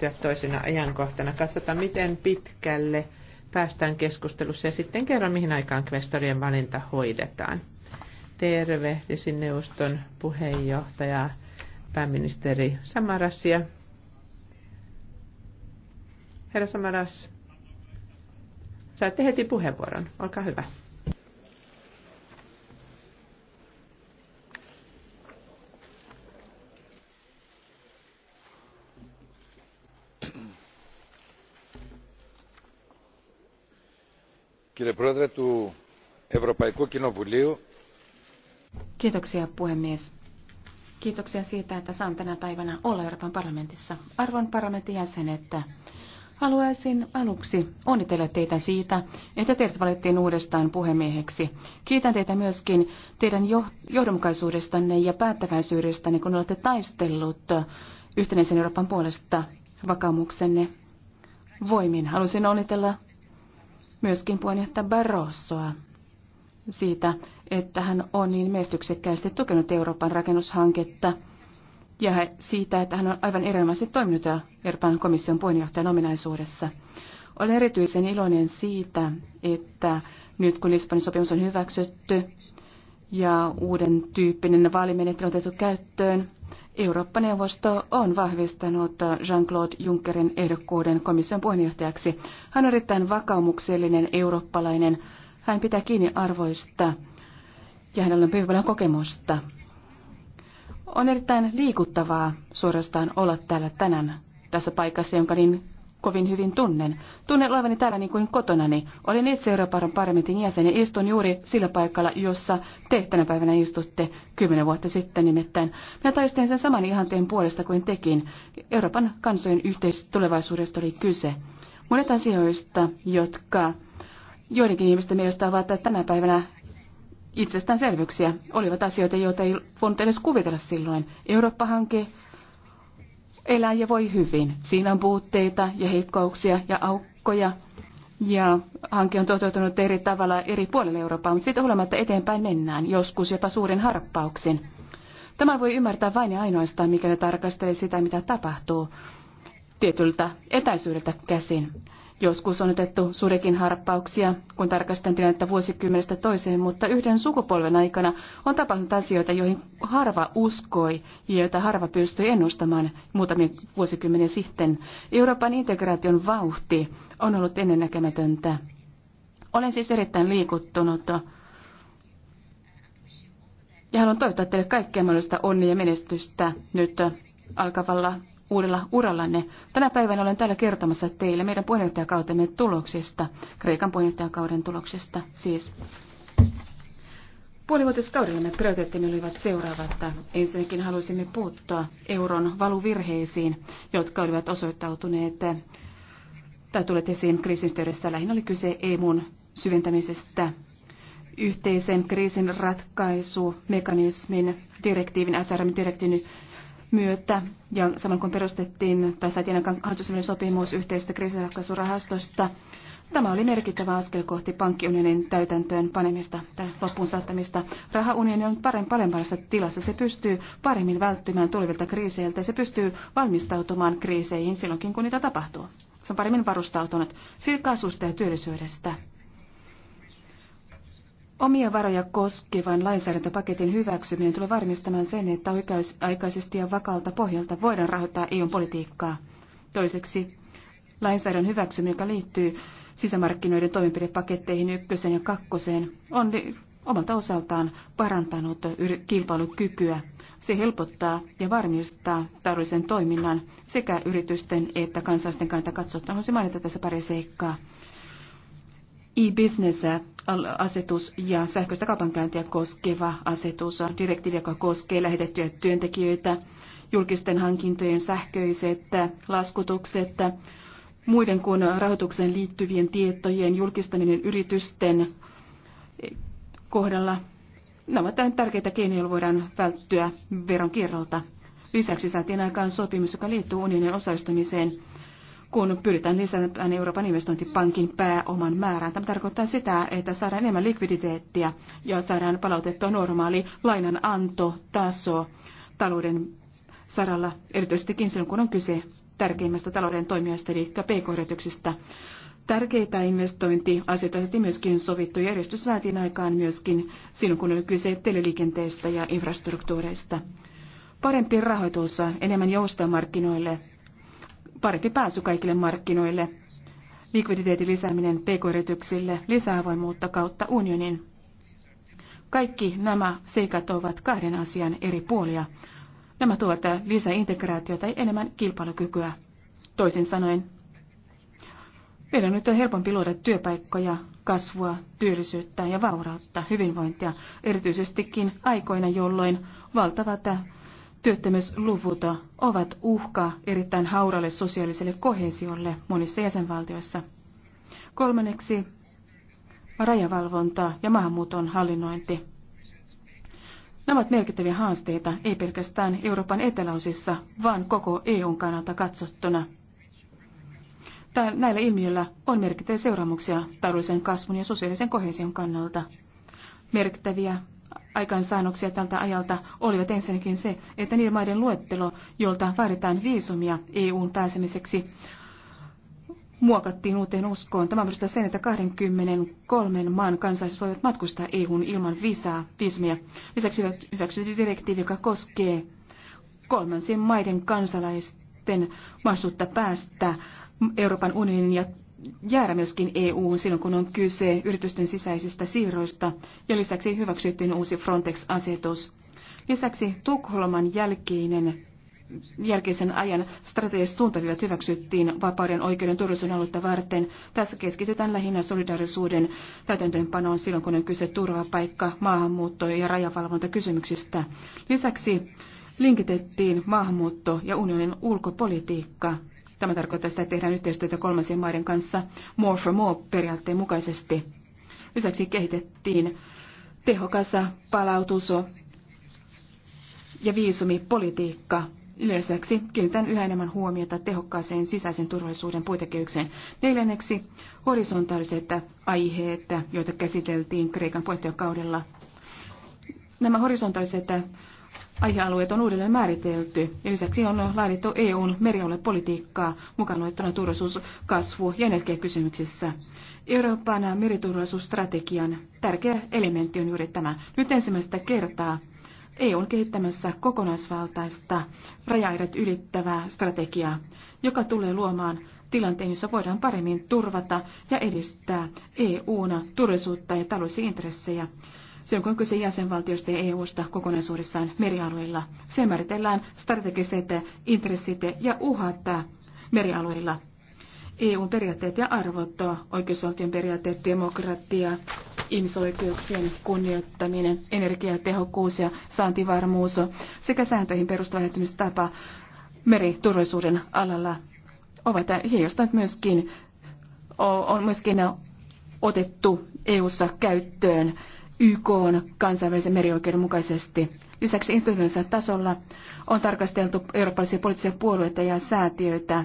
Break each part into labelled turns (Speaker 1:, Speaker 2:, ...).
Speaker 1: keskittyä toisena ajankohtana. Katsotaan, miten pitkälle päästään keskustelussa ja sitten kerran, mihin aikaan kvestorien valinta hoidetaan. Tervehdisin neuvoston puheenjohtaja, pääministeri Samarasia. Herra Samaras, saatte heti puheenvuoron. Olkaa hyvä.
Speaker 2: Κύριε Πρόεδρε του Ευρωπαϊκού Κοινοβουλίου. Kiitoksia puhemies. Kiitoksia siitä, että saan tänä päivänä olla Euroopan parlamentissa. Arvon parlamentin jäsenet, Haluaisin aluksi onnitella teitä siitä, että teidät valittiin uudestaan puhemieheksi. Kiitän teitä myöskin teidän johdonmukaisuudestanne ja päättäväisyydestänne, kun olette taistellut yhtenäisen Euroopan puolesta vakaumuksenne voimin. Haluaisin onnitella myöskin puheenjohtaja Barrosoa siitä, että hän on niin menestyksekkäästi tukenut Euroopan rakennushanketta ja siitä, että hän on aivan erinomaisesti toiminut Euroopan komission puheenjohtajan ominaisuudessa. Olen erityisen iloinen siitä, että nyt kun Lisbonin sopimus on hyväksytty ja uuden tyyppinen vaalimenettely on otettu käyttöön, Eurooppa-neuvosto on vahvistanut Jean-Claude Junckerin ehdokkuuden komission puheenjohtajaksi. Hän on erittäin vakaumuksellinen eurooppalainen. Hän pitää kiinni arvoista ja hänellä on hyvin paljon kokemusta. On erittäin liikuttavaa suorastaan olla täällä tänään tässä paikassa, jonka niin kovin hyvin tunnen. Tunnen olevani täällä niin kuin kotonani. Olen itse Euroopan parlamentin jäsen ja istun juuri sillä paikalla, jossa te tänä päivänä istutte kymmenen vuotta sitten nimittäin. Minä taistelin sen saman ihanteen puolesta kuin tekin. Euroopan kansojen yhteistulevaisuudesta oli kyse. Monet asioista, jotka joidenkin ihmisten mielestä ovat tänä päivänä itsestäänselvyyksiä, olivat asioita, joita ei voinut edes kuvitella silloin. Eurooppa-hanke, eläjä voi hyvin. Siinä on puutteita ja heikkouksia ja aukkoja. Ja hanke on toteutunut eri tavalla eri puolilla Eurooppaa, mutta siitä huolimatta eteenpäin mennään, joskus jopa suurin harppauksin. Tämä voi ymmärtää vain ja ainoastaan, ne tarkastelee sitä, mitä tapahtuu tietyltä etäisyydeltä käsin. Joskus on otettu suurikin harppauksia, kun tarkastan tilannetta vuosikymmenestä toiseen, mutta yhden sukupolven aikana on tapahtunut asioita, joihin harva uskoi ja joita harva pystyi ennustamaan muutamia vuosikymmeniä sitten. Euroopan integraation vauhti on ollut ennennäkemätöntä. Olen siis erittäin liikuttunut ja haluan toivottaa teille kaikkea mahdollista onnea ja menestystä nyt alkavalla uudella urallanne. Tänä päivänä olen täällä kertomassa teille meidän puheenjohtajakautemme tuloksista, Kreikan puheenjohtajakauden tuloksista siis. Puolivuotiskaudellamme prioriteettimme olivat seuraavat. Ensinnäkin halusimme puuttua euron valuvirheisiin, jotka olivat osoittautuneet tai tulet esiin kriisin yhteydessä. Lähinnä oli kyse EMUn syventämisestä yhteisen kriisin ratkaisumekanismin direktiivin, SRM-direktiivin myötä ja samoin kun perustettiin tai saatiin hallitusvälinen sopimus yhteisestä kriisiratkaisurahastosta, Tämä oli merkittävä askel kohti pankkiunionin täytäntöön panemista tai loppuun saattamista. Rahaunioni on paremmin paremmassa tilassa. Se pystyy paremmin välttymään tulevilta kriiseiltä ja se pystyy valmistautumaan kriiseihin silloinkin, kun niitä tapahtuu. Se on paremmin varustautunut. Silkkaisuusta ja työllisyydestä. Omia varoja koskevan lainsäädäntöpaketin hyväksyminen tulee varmistamaan sen, että oikea-aikaisesti ja vakalta pohjalta voidaan rahoittaa EUn politiikkaa. Toiseksi lainsäädännön hyväksyminen, joka liittyy sisämarkkinoiden toimenpidepaketteihin ykköseen ja kakkoseen, on omalta osaltaan parantanut kilpailukykyä. Se helpottaa ja varmistaa taloudellisen toiminnan sekä yritysten että kansalaisten kannalta katsottuna. Haluaisin mainita tässä pari seikkaa. E-business asetus ja sähköistä kaupankäyntiä koskeva asetus on direktiivi, joka koskee lähetettyjä työntekijöitä, julkisten hankintojen sähköiset laskutukset, muiden kuin rahoitukseen liittyvien tietojen julkistaminen yritysten kohdalla. Nämä ovat tärkeitä keinoja, joilla voidaan välttyä veronkierrolta. Lisäksi saatiin aikaan sopimus, joka liittyy unionin osallistumiseen kun pyritään lisäämään Euroopan investointipankin pääoman määrää. Tämä tarkoittaa sitä, että saadaan enemmän likviditeettiä ja saadaan palautettua normaali lainanantotaso talouden saralla, erityisestikin silloin, kun on kyse tärkeimmästä talouden toimijasta, eli pk-yrityksistä. Tärkeitä investointiasioita on myöskin sovittu järjestys saatiin aikaan myöskin silloin, kun oli kyse teleliikenteestä ja infrastruktuureista. Parempi rahoitus, enemmän joustoa markkinoille parempi pääsy kaikille markkinoille, likviditeetin lisääminen pk-yrityksille, lisäavoimuutta kautta unionin. Kaikki nämä seikat ovat kahden asian eri puolia. Nämä tuovat lisää integraatiota ja enemmän kilpailukykyä. Toisin sanoen, meidän nyt on helpompi luoda työpaikkoja, kasvua, työllisyyttä ja vaurautta, hyvinvointia, erityisestikin aikoina, jolloin valtavat Työttömyysluvut ovat uhka erittäin hauralle sosiaaliselle kohesiolle monissa jäsenvaltioissa. Kolmanneksi rajavalvonta ja maahanmuuton hallinnointi. Nämä ovat merkittäviä haasteita ei pelkästään Euroopan eteläosissa, vaan koko EUn kannalta katsottuna. Näillä ilmiöillä on merkittäviä seuraamuksia taloudellisen kasvun ja sosiaalisen kohesion kannalta. Merkittäviä aikaansaannoksia tältä ajalta olivat ensinnäkin se, että niiden maiden luettelo, jolta vaaditaan viisumia EUn pääsemiseksi, muokattiin uuteen uskoon. Tämä mahdollistaa sen, että 23 maan kansalaiset voivat matkustaa EUn ilman visaa, viisumia. Lisäksi hyväksytty direktiivi, joka koskee kolmansien maiden kansalaisten mahdollisuutta päästä Euroopan unionin ja jäädä myöskin EU silloin, kun on kyse yritysten sisäisistä siirroista, ja lisäksi hyväksyttiin uusi Frontex-asetus. Lisäksi Tukholman jälkeinen jälkeisen ajan strategiset suuntaviivat hyväksyttiin vapauden, oikeuden, turvallisuuden aluetta varten. Tässä keskitytään lähinnä solidaarisuuden täytäntöönpanoon silloin, kun on kyse turvapaikka, maahanmuutto- ja rajavalvontakysymyksistä. Lisäksi linkitettiin maahanmuutto ja unionin ulkopolitiikka Tämä tarkoittaa sitä, että tehdään yhteistyötä kolmansien maiden kanssa more for more periaatteen mukaisesti. Lisäksi kehitettiin tehokas palautus ja viisumipolitiikka. Lisäksi kiinnitän yhä enemmän huomiota tehokkaaseen sisäisen turvallisuuden puitekehykseen. Neljänneksi horisontaaliset aiheet, joita käsiteltiin Kreikan puheenjohtajakaudella. Nämä horisontaaliset aihealueet on uudelleen määritelty ja lisäksi on laadittu EUn merialuepolitiikkaa mukaan luettuna turvallisuus, kasvu ja energiakysymyksissä. Euroopan meriturvallisuusstrategian tärkeä elementti on juuri tämä. Nyt ensimmäistä kertaa EU on kehittämässä kokonaisvaltaista rajaerät ylittävää strategiaa, joka tulee luomaan tilanteen, jossa voidaan paremmin turvata ja edistää EUn turvallisuutta ja taloudellisia intressejä se on kyse jäsenvaltioista ja EU-sta kokonaisuudessaan merialueilla, se määritellään strategiset intressit ja uhat merialueilla. eu periaatteet ja arvot, oikeusvaltion periaatteet, demokratia, ihmisoikeuksien kunnioittaminen, energiatehokkuus ja saantivarmuus sekä sääntöihin perustuva tapa meriturvallisuuden alalla ovat heijastaneet myöskin, on myöskin otettu EU-ssa käyttöön YK on kansainvälisen merioikeuden mukaisesti. Lisäksi instituutioiden tasolla on tarkasteltu eurooppalaisia poliittisia puolueita ja säätiöitä.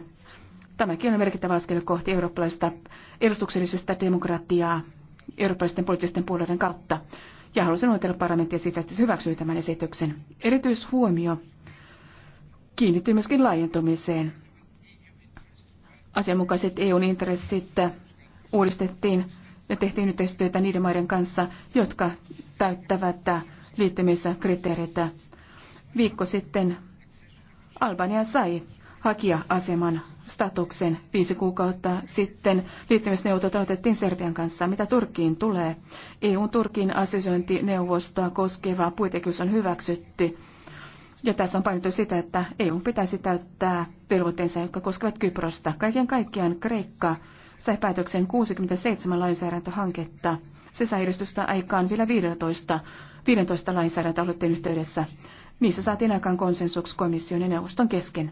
Speaker 2: Tämäkin on merkittävä askel kohti eurooppalaista edustuksellisesta demokratiaa eurooppalaisten poliittisten puolueiden kautta. Ja haluaisin onnitella parlamenttia siitä, että se hyväksyy tämän esityksen. Erityishuomio kiinnittyy myöskin laajentumiseen. Asianmukaiset EUn intressit uudistettiin ja tehtiin yhteistyötä niiden maiden kanssa, jotka täyttävät kriteereitä. Viikko sitten Albania sai hakija-aseman statuksen viisi kuukautta sitten. Liittymisneuvottelut otettiin Serbian kanssa. Mitä Turkkiin tulee? EU-Turkin assosiointineuvostoa koskeva puitekys on hyväksytty. Ja tässä on painottu sitä, että EU pitäisi täyttää velvoitteensa, jotka koskevat Kyprosta. Kaiken kaikkiaan Kreikka sai päätöksen 67 lainsäädäntöhanketta. edistystä aikaan vielä 15, 15 lainsäädäntöaloitteen yhteydessä. Niissä saatiin aikaan konsensus komission ja neuvoston kesken.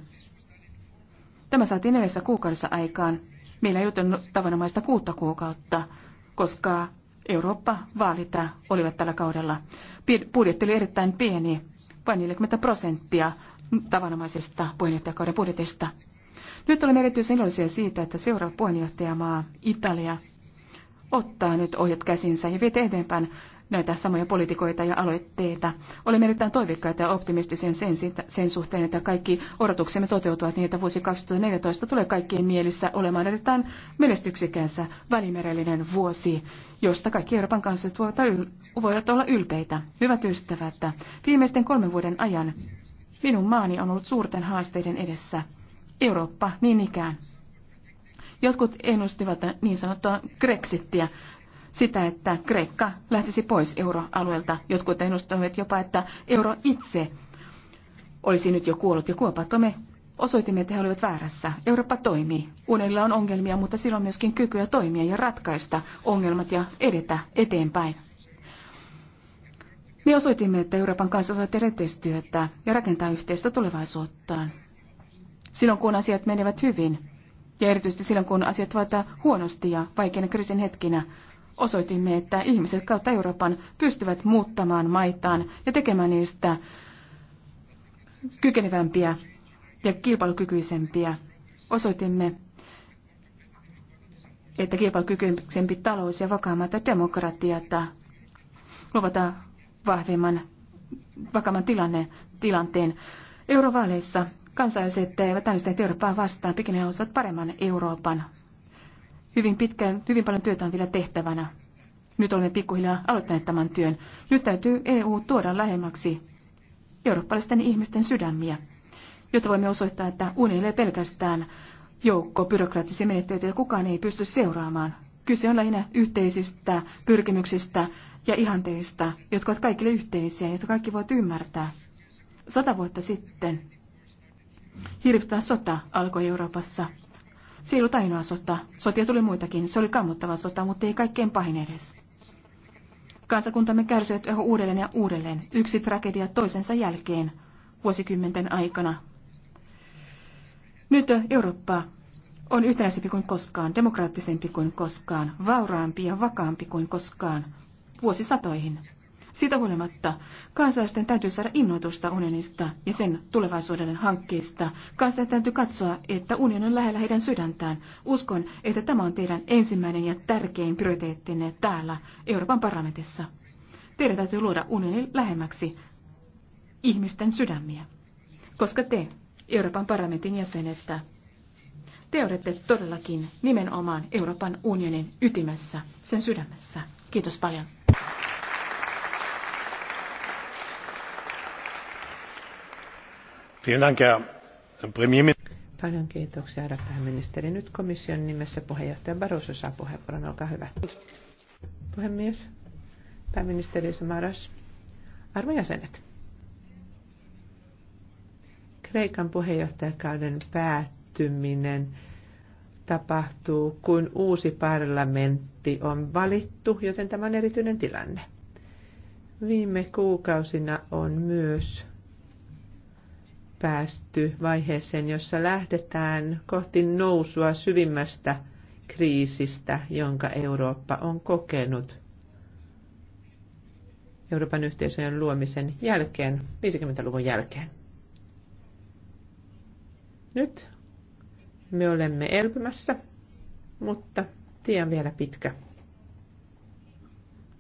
Speaker 2: Tämä saatiin neljässä kuukaudessa aikaan. Meillä ei ollut tavanomaista kuutta kuukautta, koska eurooppa vaalita olivat tällä kaudella. Budjetti oli erittäin pieni, vain 40 prosenttia tavanomaisesta puheenjohtajakauden budjetista. Nyt olemme erityisen iloisia siitä, että seuraava puheenjohtajamaa Italia ottaa nyt ohjat käsinsä ja vie eteenpäin näitä samoja poliitikoita ja aloitteita. Olemme erittäin toiveikkaita ja optimistisia sen, sen suhteen, että kaikki odotuksemme toteutuvat niin, että vuosi 2014 tulee kaikkien mielissä olemaan erittäin menestyksikänsä välimerellinen vuosi, josta kaikki Euroopan kansat voivat, voivat olla ylpeitä. Hyvät ystävät, viimeisten kolmen vuoden ajan minun maani on ollut suurten haasteiden edessä. Eurooppa niin ikään. Jotkut ennustivat niin sanottua Grexittiä, sitä, että Kreikka lähtisi pois euroalueelta. Jotkut ennustivat jopa, että euro itse olisi nyt jo kuollut ja kuopattu. Me osoitimme, että he olivat väärässä. Eurooppa toimii. Unelilla on ongelmia, mutta sillä on myöskin kykyä toimia ja ratkaista ongelmat ja edetä eteenpäin. Me osoitimme, että Euroopan kanssa voivat tehdä yhteistyötä ja rakentaa yhteistä tulevaisuuttaan silloin, kun asiat menevät hyvin. Ja erityisesti silloin, kun asiat ovat huonosti ja vaikeina kriisin hetkinä, osoitimme, että ihmiset kautta Euroopan pystyvät muuttamaan maitaan ja tekemään niistä kykenevämpiä ja kilpailukykyisempiä. Osoitimme, että kilpailukykyisempi talous ja vakaammat demokratiat luovat vahvemman, vakaamman tilanne, tilanteen. Eurovaaleissa Kansalaiset eivät äänestäneet Eurooppaa vastaan, pikemmin haluaisivat paremman Euroopan. Hyvin, pitkään, hyvin paljon työtä on vielä tehtävänä. Nyt olemme pikkuhiljaa aloittaneet tämän työn. Nyt täytyy EU tuoda lähemmäksi eurooppalaisten ihmisten sydämiä, jotta voimme osoittaa, että unille pelkästään joukko byrokraattisia menettelyitä, ja kukaan ei pysty seuraamaan. Kyse on lähinnä yhteisistä pyrkimyksistä ja ihanteista, jotka ovat kaikille yhteisiä, jotka kaikki voivat ymmärtää. Sata vuotta sitten Hirvittävä sota alkoi Euroopassa. Se ei ollut ainoa sota. Sotia tuli muitakin. Se oli kammottava sota, mutta ei kaikkein pahin edes. Kansakuntamme kärsivät yhä uudelleen ja uudelleen, yksi tragedia toisensa jälkeen, vuosikymmenten aikana. Nyt Eurooppa on yhtenäisempi kuin koskaan, demokraattisempi kuin koskaan, vauraampi ja vakaampi kuin koskaan, vuosisatoihin. Siitä huolimatta kansalaisten täytyy saada innoitusta unionista ja sen tulevaisuuden hankkeista. Kansalaisten täytyy katsoa, että unioni on lähellä heidän sydäntään. Uskon, että tämä on teidän ensimmäinen ja tärkein prioriteettinne täällä Euroopan parlamentissa. Teidän täytyy luoda unioni lähemmäksi ihmisten sydämiä, koska te, Euroopan parlamentin jäsenet, te olette todellakin nimenomaan Euroopan unionin ytimessä, sen sydämessä. Kiitos paljon.
Speaker 1: Paljon kiitoksia, herra pääministeri. Nyt komission nimessä puheenjohtaja Barroso saa puheenvuoron. Olkaa hyvä. Puhemies, pääministeri Samaras, arvon jäsenet. Kreikan puheenjohtajakauden päättyminen tapahtuu, kun uusi parlamentti on valittu, joten tämä on erityinen tilanne. Viime kuukausina on myös päästy vaiheeseen, jossa lähdetään kohti nousua syvimmästä kriisistä, jonka Eurooppa on kokenut Euroopan yhteisöjen luomisen jälkeen, 50-luvun jälkeen. Nyt me olemme elpymässä, mutta tie on vielä pitkä.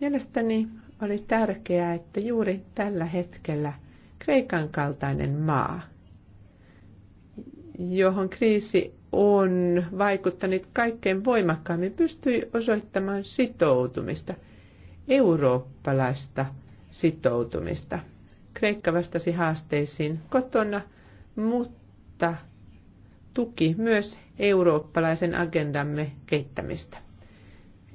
Speaker 1: Mielestäni oli tärkeää, että juuri tällä hetkellä Kreikan kaltainen maa – johon kriisi on vaikuttanut kaikkein voimakkaammin, pystyi osoittamaan sitoutumista, eurooppalaista sitoutumista. Kreikka vastasi haasteisiin kotona, mutta tuki myös eurooppalaisen agendamme kehittämistä.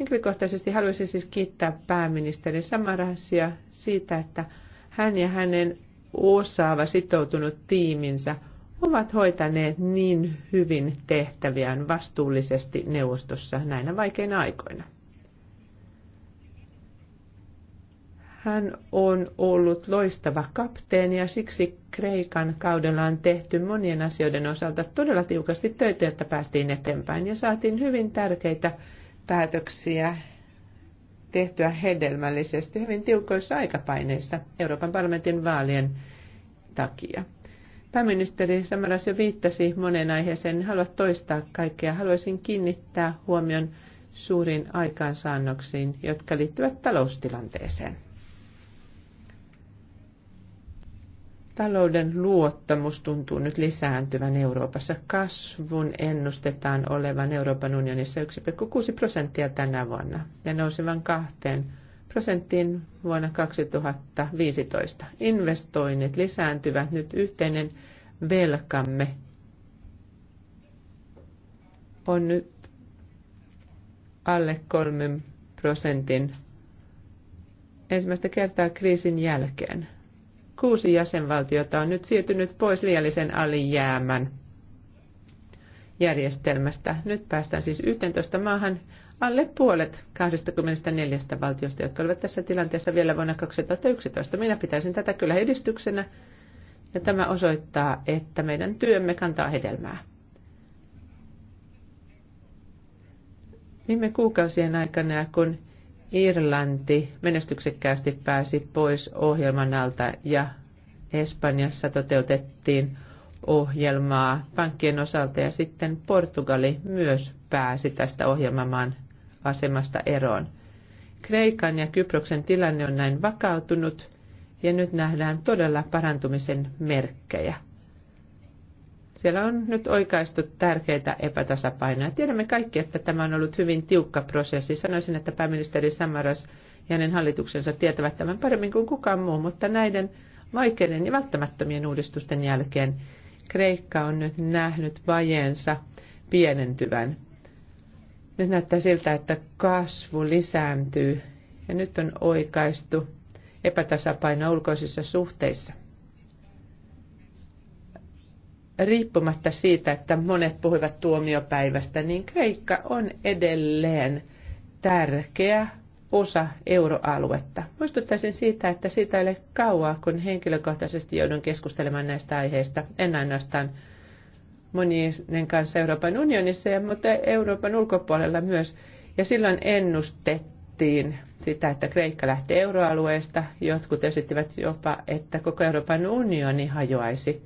Speaker 1: Henkilökohtaisesti haluaisin siis kiittää pääministeri Samarasia siitä, että hän ja hänen osaava sitoutunut tiiminsä – ovat hoitaneet niin hyvin tehtäviään vastuullisesti neuvostossa näinä vaikeina aikoina. Hän on ollut loistava kapteeni ja siksi Kreikan kaudella on tehty monien asioiden osalta todella tiukasti töitä, että päästiin eteenpäin ja saatiin hyvin tärkeitä päätöksiä tehtyä hedelmällisesti hyvin tiukoissa aikapaineissa Euroopan parlamentin vaalien takia. Pääministeri Samaras jo viittasi monen aiheeseen, niin haluat toistaa kaikkea. Haluaisin kiinnittää huomion suuriin aikaansaannoksiin, jotka liittyvät taloustilanteeseen. Talouden luottamus tuntuu nyt lisääntyvän Euroopassa. Kasvun ennustetaan olevan Euroopan unionissa 1,6 prosenttia tänä vuonna ja nousevan kahteen prosenttiin vuonna 2015. Investoinnit lisääntyvät nyt yhteinen velkamme on nyt alle kolmen prosentin ensimmäistä kertaa kriisin jälkeen. Kuusi jäsenvaltiota on nyt siirtynyt pois liiallisen alijäämän järjestelmästä. Nyt päästään siis 11 maahan, alle puolet 24 valtiosta, jotka olivat tässä tilanteessa vielä vuonna 2011. Minä pitäisin tätä kyllä edistyksenä ja tämä osoittaa, että meidän työmme kantaa hedelmää. Viime kuukausien aikana, kun Irlanti menestyksekkäästi pääsi pois ohjelman alta ja Espanjassa toteutettiin ohjelmaa pankkien osalta ja sitten Portugali myös pääsi tästä ohjelmamaan asemasta eroon. Kreikan ja Kyproksen tilanne on näin vakautunut ja nyt nähdään todella parantumisen merkkejä. Siellä on nyt oikaistu tärkeitä epätasapainoja. Tiedämme kaikki, että tämä on ollut hyvin tiukka prosessi. Sanoisin, että pääministeri Samaras ja hänen hallituksensa tietävät tämän paremmin kuin kukaan muu, mutta näiden vaikeiden ja välttämättömien uudistusten jälkeen Kreikka on nyt nähnyt vajeensa pienentyvän nyt näyttää siltä, että kasvu lisääntyy ja nyt on oikaistu epätasapaino ulkoisissa suhteissa. Riippumatta siitä, että monet puhuivat tuomiopäivästä, niin Kreikka on edelleen tärkeä osa euroaluetta. Muistuttaisin siitä, että siitä ei ole kauaa, kun henkilökohtaisesti joudun keskustelemaan näistä aiheista, en ainoastaan monien kanssa Euroopan unionissa, ja, mutta Euroopan ulkopuolella myös. Ja silloin ennustettiin sitä, että Kreikka lähtee euroalueesta. Jotkut esittivät jopa, että koko Euroopan unioni hajoaisi.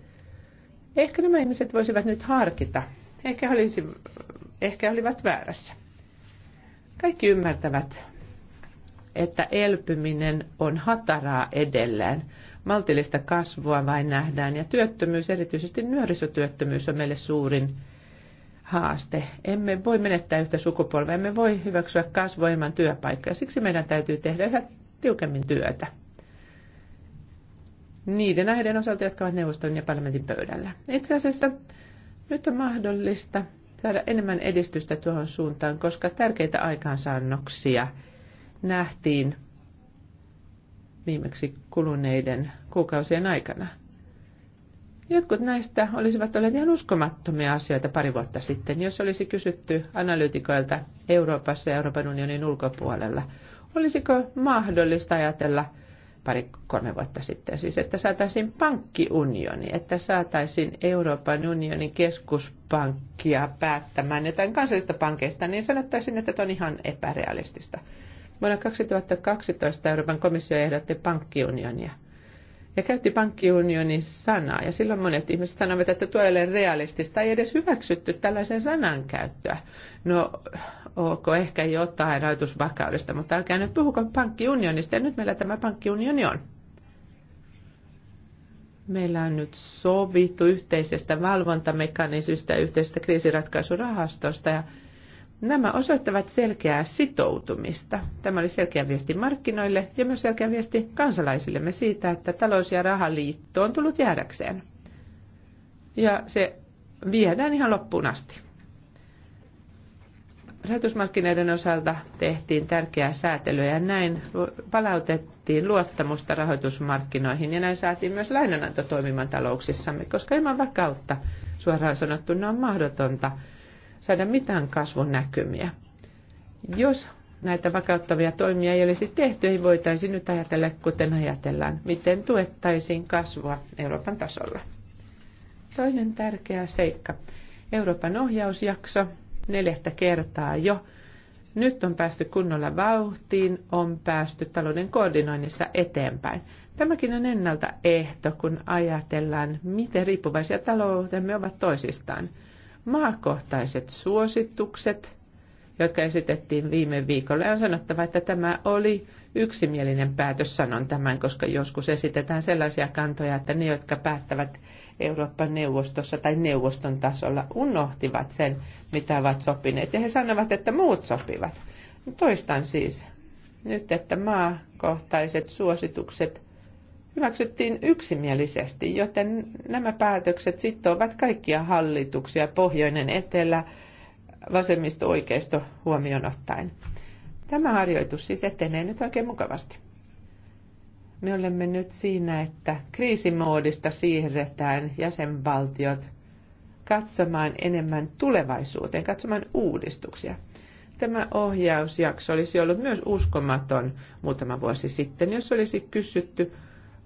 Speaker 1: Ehkä nämä ihmiset voisivat nyt harkita. Ehkä, olisi, ehkä olivat väärässä. Kaikki ymmärtävät, että elpyminen on hataraa edelleen, maltillista kasvua vain nähdään. Ja työttömyys, erityisesti nuorisotyöttömyys, on meille suurin haaste. Emme voi menettää yhtä sukupolvea, emme voi hyväksyä kasvua ilman työpaikkaa. Siksi meidän täytyy tehdä yhä tiukemmin työtä. Niiden aiheiden osalta, jotka ovat neuvoston ja parlamentin pöydällä. Itse asiassa nyt on mahdollista saada enemmän edistystä tuohon suuntaan, koska tärkeitä aikaansaannoksia nähtiin viimeksi kuluneiden kuukausien aikana. Jotkut näistä olisivat olleet ihan uskomattomia asioita pari vuotta sitten, jos olisi kysytty analyytikoilta Euroopassa ja Euroopan unionin ulkopuolella. Olisiko mahdollista ajatella pari-kolme vuotta sitten, siis että saataisiin pankkiunioni, että saataisiin Euroopan unionin keskuspankkia päättämään jotain kansallisista pankeista, niin sanottaisiin, että on ihan epärealistista. Vuonna 2012 Euroopan komissio ehdotti pankkiunionia ja käytti pankkiunionin sanaa. Ja silloin monet ihmiset sanovat, että tuo ei ole realistista, ei edes hyväksytty tällaisen sanan käyttöä. No, ok, ehkä jotain rahoitusvakaudesta, mutta älkää nyt puhuko pankkiunionista, ja nyt meillä tämä pankkiunioni on. Meillä on nyt sovittu yhteisestä valvontamekanismista, yhteisestä kriisiratkaisurahastosta, ja Nämä osoittavat selkeää sitoutumista. Tämä oli selkeä viesti markkinoille ja myös selkeä viesti kansalaisillemme siitä, että talous- ja rahaliitto on tullut jäädäkseen. Ja se viedään ihan loppuun asti. Rahoitusmarkkinoiden osalta tehtiin tärkeää säätelyä ja näin palautettiin luottamusta rahoitusmarkkinoihin ja näin saatiin myös lainananto toimimaan talouksissamme, koska ilman vakautta suoraan sanottuna on mahdotonta – saada mitään kasvun näkymiä. Jos näitä vakauttavia toimia ei olisi tehty, ei voitaisi nyt ajatella, kuten ajatellaan, miten tuettaisiin kasvua Euroopan tasolla. Toinen tärkeä seikka. Euroopan ohjausjakso neljättä kertaa jo. Nyt on päästy kunnolla vauhtiin, on päästy talouden koordinoinnissa eteenpäin. Tämäkin on ennalta ehto, kun ajatellaan, miten riippuvaisia taloutemme ovat toisistaan maakohtaiset suositukset, jotka esitettiin viime viikolla. Ja on sanottava, että tämä oli yksimielinen päätös, sanon tämän, koska joskus esitetään sellaisia kantoja, että ne, jotka päättävät Euroopan neuvostossa tai neuvoston tasolla, unohtivat sen, mitä ovat sopineet. Ja he sanovat, että muut sopivat. Toistan siis nyt, että maakohtaiset suositukset – hyväksyttiin yksimielisesti, joten nämä päätökset sitovat kaikkia hallituksia pohjoinen, etelä, vasemmisto, oikeisto huomioon ottaen. Tämä harjoitus siis etenee nyt oikein mukavasti. Me olemme nyt siinä, että kriisimoodista siirretään jäsenvaltiot katsomaan enemmän tulevaisuuteen, katsomaan uudistuksia. Tämä ohjausjakso olisi ollut myös uskomaton muutama vuosi sitten, jos olisi kysytty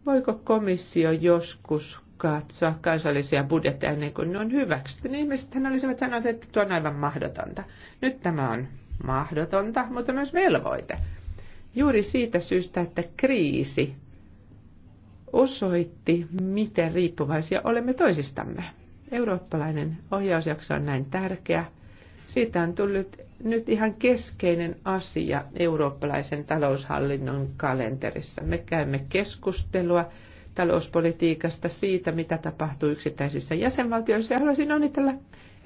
Speaker 1: Voiko komissio joskus katsoa kansallisia budjetteja ennen kuin ne on hyväksytty, niin ihmisethän olisivat sanoneet, että tuo on aivan mahdotonta. Nyt tämä on mahdotonta, mutta myös velvoite. Juuri siitä syystä, että kriisi osoitti, miten riippuvaisia olemme toisistamme. Eurooppalainen ohjausjakso on näin tärkeä. Siitä on tullut nyt ihan keskeinen asia eurooppalaisen taloushallinnon kalenterissa. Me käymme keskustelua talouspolitiikasta siitä, mitä tapahtuu yksittäisissä jäsenvaltioissa. Ja haluaisin onnitella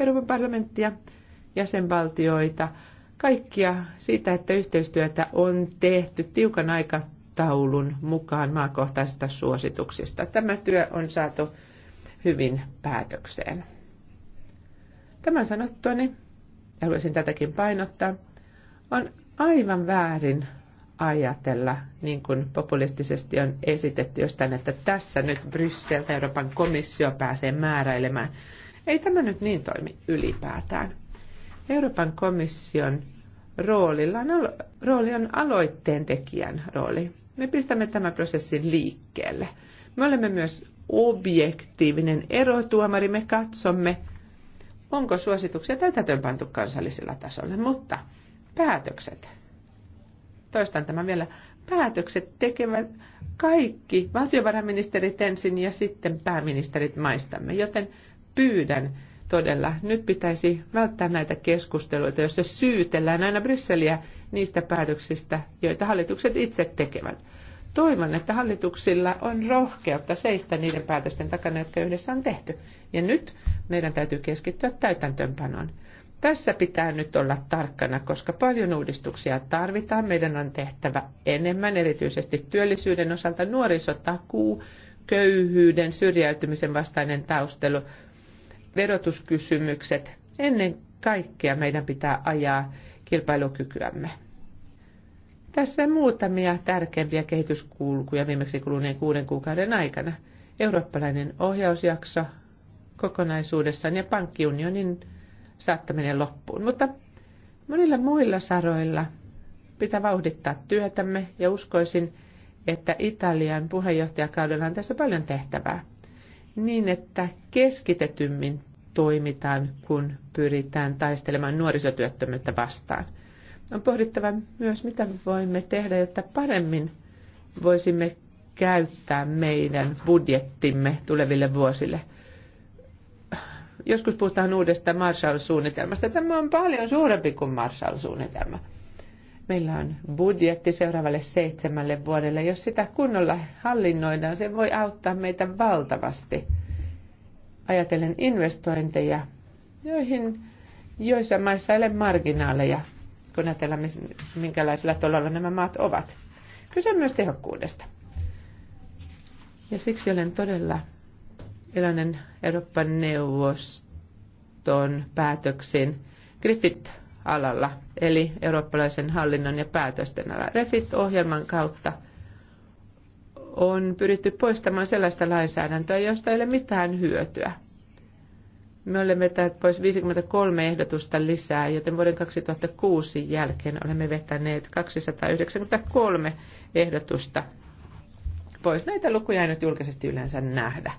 Speaker 1: Euroopan parlamenttia, jäsenvaltioita, kaikkia siitä, että yhteistyötä on tehty tiukan aikataulun mukaan maakohtaisista suosituksista. Tämä työ on saatu hyvin päätökseen. Tämän sanottuani ja haluaisin tätäkin painottaa, on aivan väärin ajatella, niin kuin populistisesti on esitetty jostain, että tässä nyt Bryssel tai Euroopan komissio pääsee määräilemään. Ei tämä nyt niin toimi ylipäätään. Euroopan komission roolilla on, rooli on aloitteen tekijän rooli. Me pistämme tämän prosessin liikkeelle. Me olemme myös objektiivinen erotuomari. Me katsomme, onko suosituksia täytäntöönpantu kansallisella tasolla, mutta päätökset, toistan tämän vielä, päätökset tekevät kaikki valtiovarainministerit ensin ja sitten pääministerit maistamme, joten pyydän todella, nyt pitäisi välttää näitä keskusteluita, joissa syytellään aina Brysseliä niistä päätöksistä, joita hallitukset itse tekevät. Toivon, että hallituksilla on rohkeutta seistä niiden päätösten takana, jotka yhdessä on tehty. Ja nyt meidän täytyy keskittyä täytäntöönpanoon. Tässä pitää nyt olla tarkkana, koska paljon uudistuksia tarvitaan. Meidän on tehtävä enemmän, erityisesti työllisyyden osalta nuorisotakuu, köyhyyden, syrjäytymisen vastainen taustelu, verotuskysymykset. Ennen kaikkea meidän pitää ajaa kilpailukykyämme. Tässä muutamia tärkeimpiä kehityskulkuja viimeksi kuluneen kuuden kuukauden aikana. Eurooppalainen ohjausjakso kokonaisuudessaan ja pankkiunionin saattaminen loppuun. Mutta monilla muilla saroilla pitää vauhdittaa työtämme ja uskoisin, että Italian puheenjohtajakaudella on tässä paljon tehtävää. Niin, että keskitetymmin toimitaan, kun pyritään taistelemaan nuorisotyöttömyyttä vastaan – on pohdittava myös, mitä voimme tehdä, jotta paremmin voisimme käyttää meidän budjettimme tuleville vuosille. Joskus puhutaan uudesta Marshall-suunnitelmasta. Tämä on paljon suurempi kuin Marshall-suunnitelma. Meillä on budjetti seuraavalle seitsemälle vuodelle. Jos sitä kunnolla hallinnoidaan, se voi auttaa meitä valtavasti. Ajatellen investointeja, joihin joissa maissa ei ole marginaaleja kun ajatellaan, minkälaisella tolalla nämä maat ovat. Kyse on myös tehokkuudesta. Ja siksi olen todella iloinen Euroopan neuvoston päätöksen Griffith-alalla, eli eurooppalaisen hallinnon ja päätösten alalla. Refit-ohjelman kautta on pyritty poistamaan sellaista lainsäädäntöä, josta ei ole mitään hyötyä – me olemme vetäneet pois 53 ehdotusta lisää, joten vuoden 2006 jälkeen olemme vetäneet 293 ehdotusta pois. Näitä lukuja ei nyt julkisesti yleensä nähdä.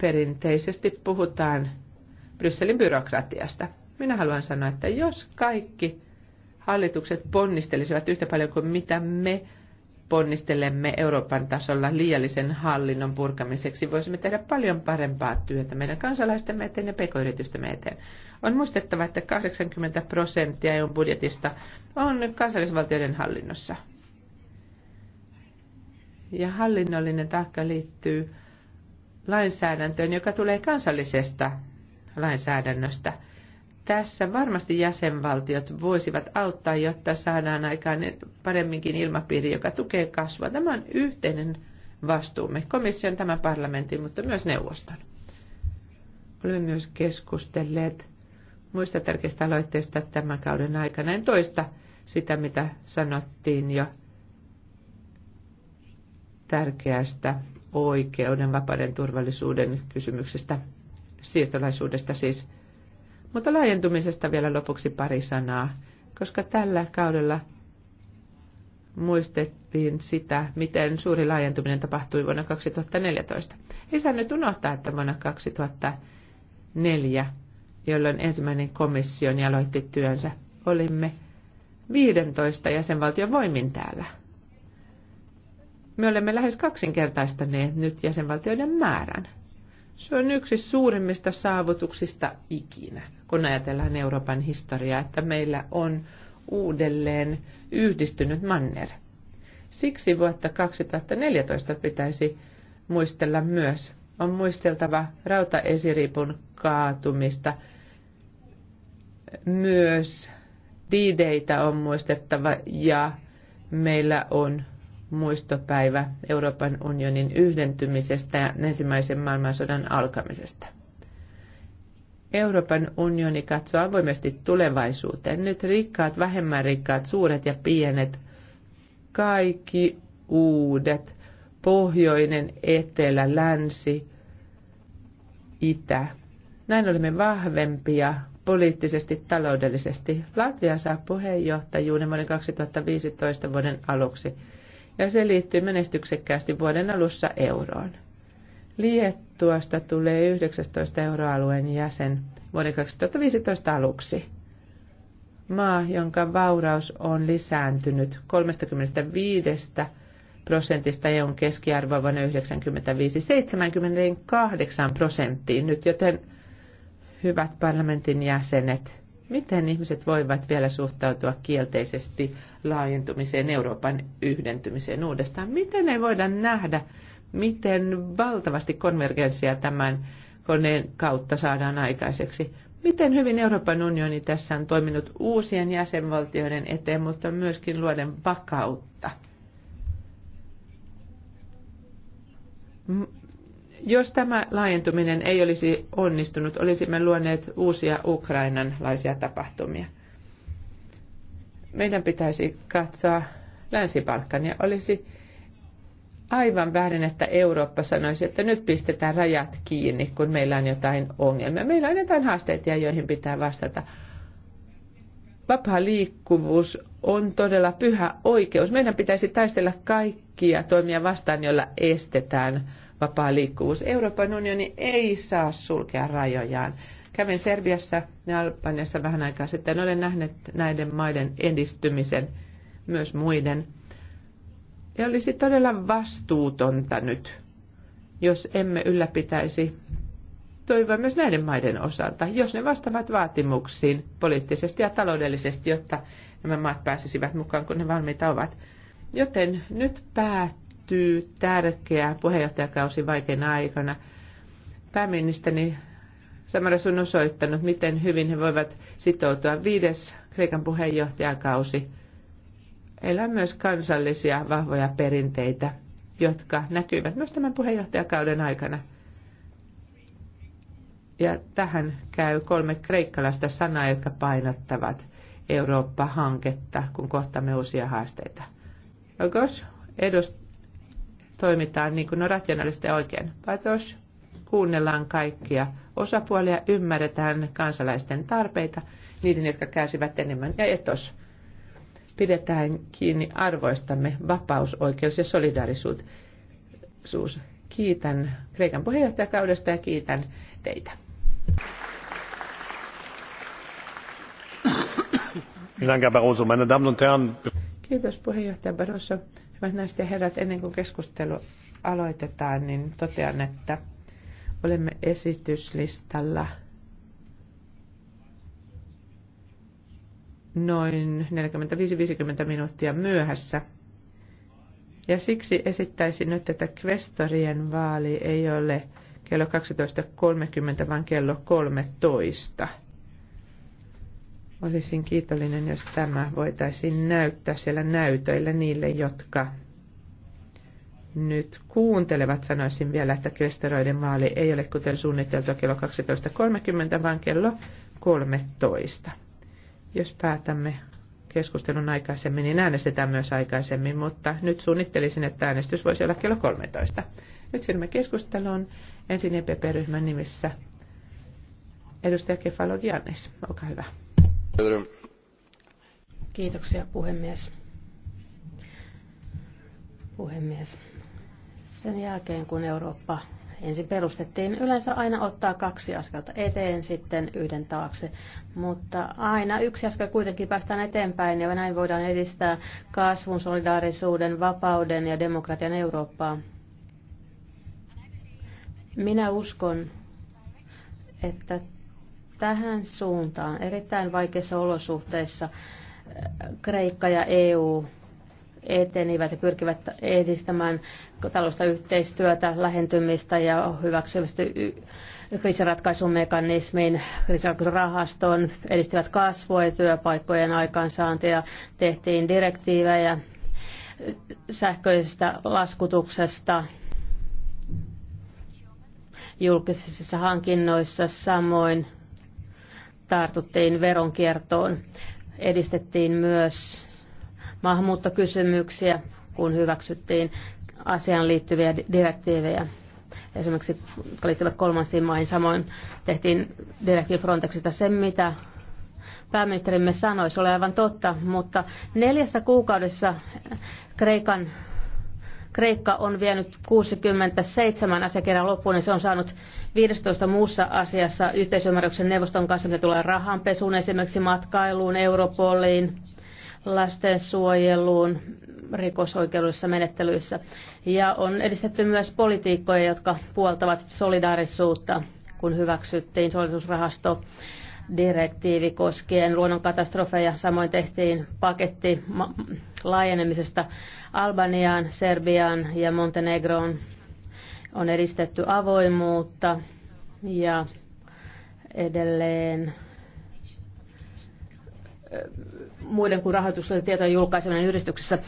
Speaker 1: Perinteisesti puhutaan Brysselin byrokratiasta. Minä haluan sanoa, että jos kaikki hallitukset ponnistelisivat yhtä paljon kuin mitä me ponnistelemme Euroopan tasolla liiallisen hallinnon purkamiseksi, voisimme tehdä paljon parempaa työtä meidän kansalaistemme eteen ja pk eteen. On muistettava, että 80 prosenttia EUn budjetista on kansallisvaltioiden hallinnossa. Ja hallinnollinen taakka liittyy lainsäädäntöön, joka tulee kansallisesta lainsäädännöstä – tässä varmasti jäsenvaltiot voisivat auttaa, jotta saadaan aikaan paremminkin ilmapiiri, joka tukee kasvua. Tämä on yhteinen vastuumme komission, tämän parlamentin, mutta myös neuvoston. Olemme myös keskustelleet muista tärkeistä aloitteista tämän kauden aikana. En toista sitä, mitä sanottiin jo tärkeästä oikeuden, vapauden, turvallisuuden kysymyksestä, siirtolaisuudesta siis – mutta laajentumisesta vielä lopuksi pari sanaa, koska tällä kaudella muistettiin sitä, miten suuri laajentuminen tapahtui vuonna 2014. Ei saa nyt unohtaa, että vuonna 2004, jolloin ensimmäinen komissio aloitti työnsä, olimme 15 jäsenvaltion voimin täällä. Me olemme lähes kaksinkertaistaneet nyt jäsenvaltioiden määrän. Se on yksi suurimmista saavutuksista ikinä kun ajatellaan Euroopan historiaa, että meillä on uudelleen yhdistynyt manner. Siksi vuotta 2014 pitäisi muistella myös. On muisteltava rautaesiripun kaatumista. Myös d on muistettava ja meillä on muistopäivä Euroopan unionin yhdentymisestä ja ensimmäisen maailmansodan alkamisesta. Euroopan unioni katsoo avoimesti tulevaisuuteen. Nyt rikkaat, vähemmän rikkaat, suuret ja pienet, kaikki uudet, pohjoinen, etelä, länsi, itä. Näin olemme vahvempia poliittisesti, taloudellisesti. Latvia saa puheenjohtajuuden vuoden 2015 vuoden aluksi ja se liittyy menestyksekkäästi vuoden alussa euroon. Liettuasta tulee 19 euroalueen jäsen vuoden 2015 aluksi. Maa, jonka vauraus on lisääntynyt 35 prosentista EUn keskiarvoa vuonna 1995 78 prosenttiin nyt, joten hyvät parlamentin jäsenet, miten ihmiset voivat vielä suhtautua kielteisesti laajentumiseen, Euroopan yhdentymiseen uudestaan? Miten ei voida nähdä, miten valtavasti konvergenssia tämän koneen kautta saadaan aikaiseksi. Miten hyvin Euroopan unioni tässä on toiminut uusien jäsenvaltioiden eteen, mutta myöskin luoden vakautta? Jos tämä laajentuminen ei olisi onnistunut, olisimme luoneet uusia ukrainanlaisia tapahtumia. Meidän pitäisi katsoa Länsi-Balkania. Olisi aivan väärin, että Eurooppa sanoisi, että nyt pistetään rajat kiinni, kun meillä on jotain ongelmia. Meillä on jotain haasteita, joihin pitää vastata. Vapaa liikkuvuus on todella pyhä oikeus. Meidän pitäisi taistella kaikkia toimia vastaan, joilla estetään vapaa liikkuvuus. Euroopan unioni ei saa sulkea rajojaan. Kävin Serbiassa ja Albaniassa vähän aikaa sitten. Olen nähnyt näiden maiden edistymisen, myös muiden – ja olisi todella vastuutonta nyt, jos emme ylläpitäisi toivoa myös näiden maiden osalta, jos ne vastaavat vaatimuksiin poliittisesti ja taloudellisesti, jotta nämä maat pääsisivät mukaan, kun ne valmiita ovat. Joten nyt päättyy tärkeä puheenjohtajakausi vaikeina aikana. Pääministeri Samaras on osoittanut, miten hyvin he voivat sitoutua viides Kreikan puheenjohtajakausi – Meillä on myös kansallisia vahvoja perinteitä, jotka näkyvät myös tämän puheenjohtajakauden aikana. Ja tähän käy kolme kreikkalaista sanaa, jotka painottavat Eurooppa-hanketta, kun kohtamme uusia haasteita. Logos, edus, toimitaan niin kuin on rationaalista ja oikein. Patos, kuunnellaan kaikkia osapuolia, ymmärretään kansalaisten tarpeita, niiden, jotka kärsivät enemmän, ja etos, pidetään kiinni arvoistamme, vapaus, oikeus ja solidaarisuus. Kiitän Kreikan puheenjohtajakaudesta ja kiitän teitä. Kiitos puheenjohtaja Barroso. Hyvät naiset ja herrat, ennen kuin keskustelu aloitetaan, niin totean, että olemme esityslistalla – noin 45-50 minuuttia myöhässä. Ja siksi esittäisin nyt, että kvestorien vaali ei ole kello 12.30, vaan kello 13. Olisin kiitollinen, jos tämä voitaisiin näyttää siellä näytöillä niille, jotka nyt kuuntelevat. Sanoisin vielä, että kvestoroiden vaali ei ole kuten suunniteltu kello 12.30, vaan kello 13. Jos päätämme keskustelun aikaisemmin, niin äänestetään myös aikaisemmin, mutta nyt suunnittelisin, että äänestys voisi olla kello 13. Nyt siirrymme keskusteluun ensin EPP-ryhmän nimissä. Edustaja
Speaker 3: Kefalogiannis, olkaa hyvä. Kiitoksia puhemies. Puhemies. Sen jälkeen kun Eurooppa ensin perustettiin, yleensä aina ottaa kaksi askelta eteen, sitten yhden taakse. Mutta aina yksi askel kuitenkin päästään eteenpäin ja näin voidaan edistää kasvun, solidaarisuuden, vapauden ja demokratian Eurooppaa. Minä uskon, että tähän suuntaan erittäin vaikeissa olosuhteissa Kreikka ja EU etenivät ja pyrkivät edistämään talousta yhteistyötä, lähentymistä ja hyväksymistä kriisiratkaisumekanismiin, kriisiratkaisurahastoon, edistivät kasvua ja työpaikkojen aikaansaantia, tehtiin direktiivejä sähköisestä laskutuksesta, julkisissa hankinnoissa samoin tartuttiin veronkiertoon. Edistettiin myös maahanmuuttokysymyksiä, kun hyväksyttiin asiaan liittyviä direktiivejä, esimerkiksi jotka liittyvät kolmansiin maihin. Samoin tehtiin direktiivi Frontexista se, mitä pääministerimme sanoi, se oli aivan totta, mutta neljässä kuukaudessa Kreikan Kreikka on vienyt 67 asiakirjan loppuun, niin se on saanut 15 muussa asiassa yhteisymmärryksen neuvoston kanssa, mitä tulee rahanpesuun, esimerkiksi matkailuun, Europoliin, lastensuojeluun rikosoikeudellisissa menettelyissä. Ja on edistetty myös politiikkoja, jotka puoltavat solidaarisuutta, kun hyväksyttiin solidarisuusrahasto direktiivi koskien luonnonkatastrofeja. Samoin tehtiin paketti laajenemisesta Albaniaan, Serbiaan ja Montenegroon. On edistetty avoimuutta ja edelleen muiden kuin rahoituksellisten tietojen julkaiseminen yhdistyksessä.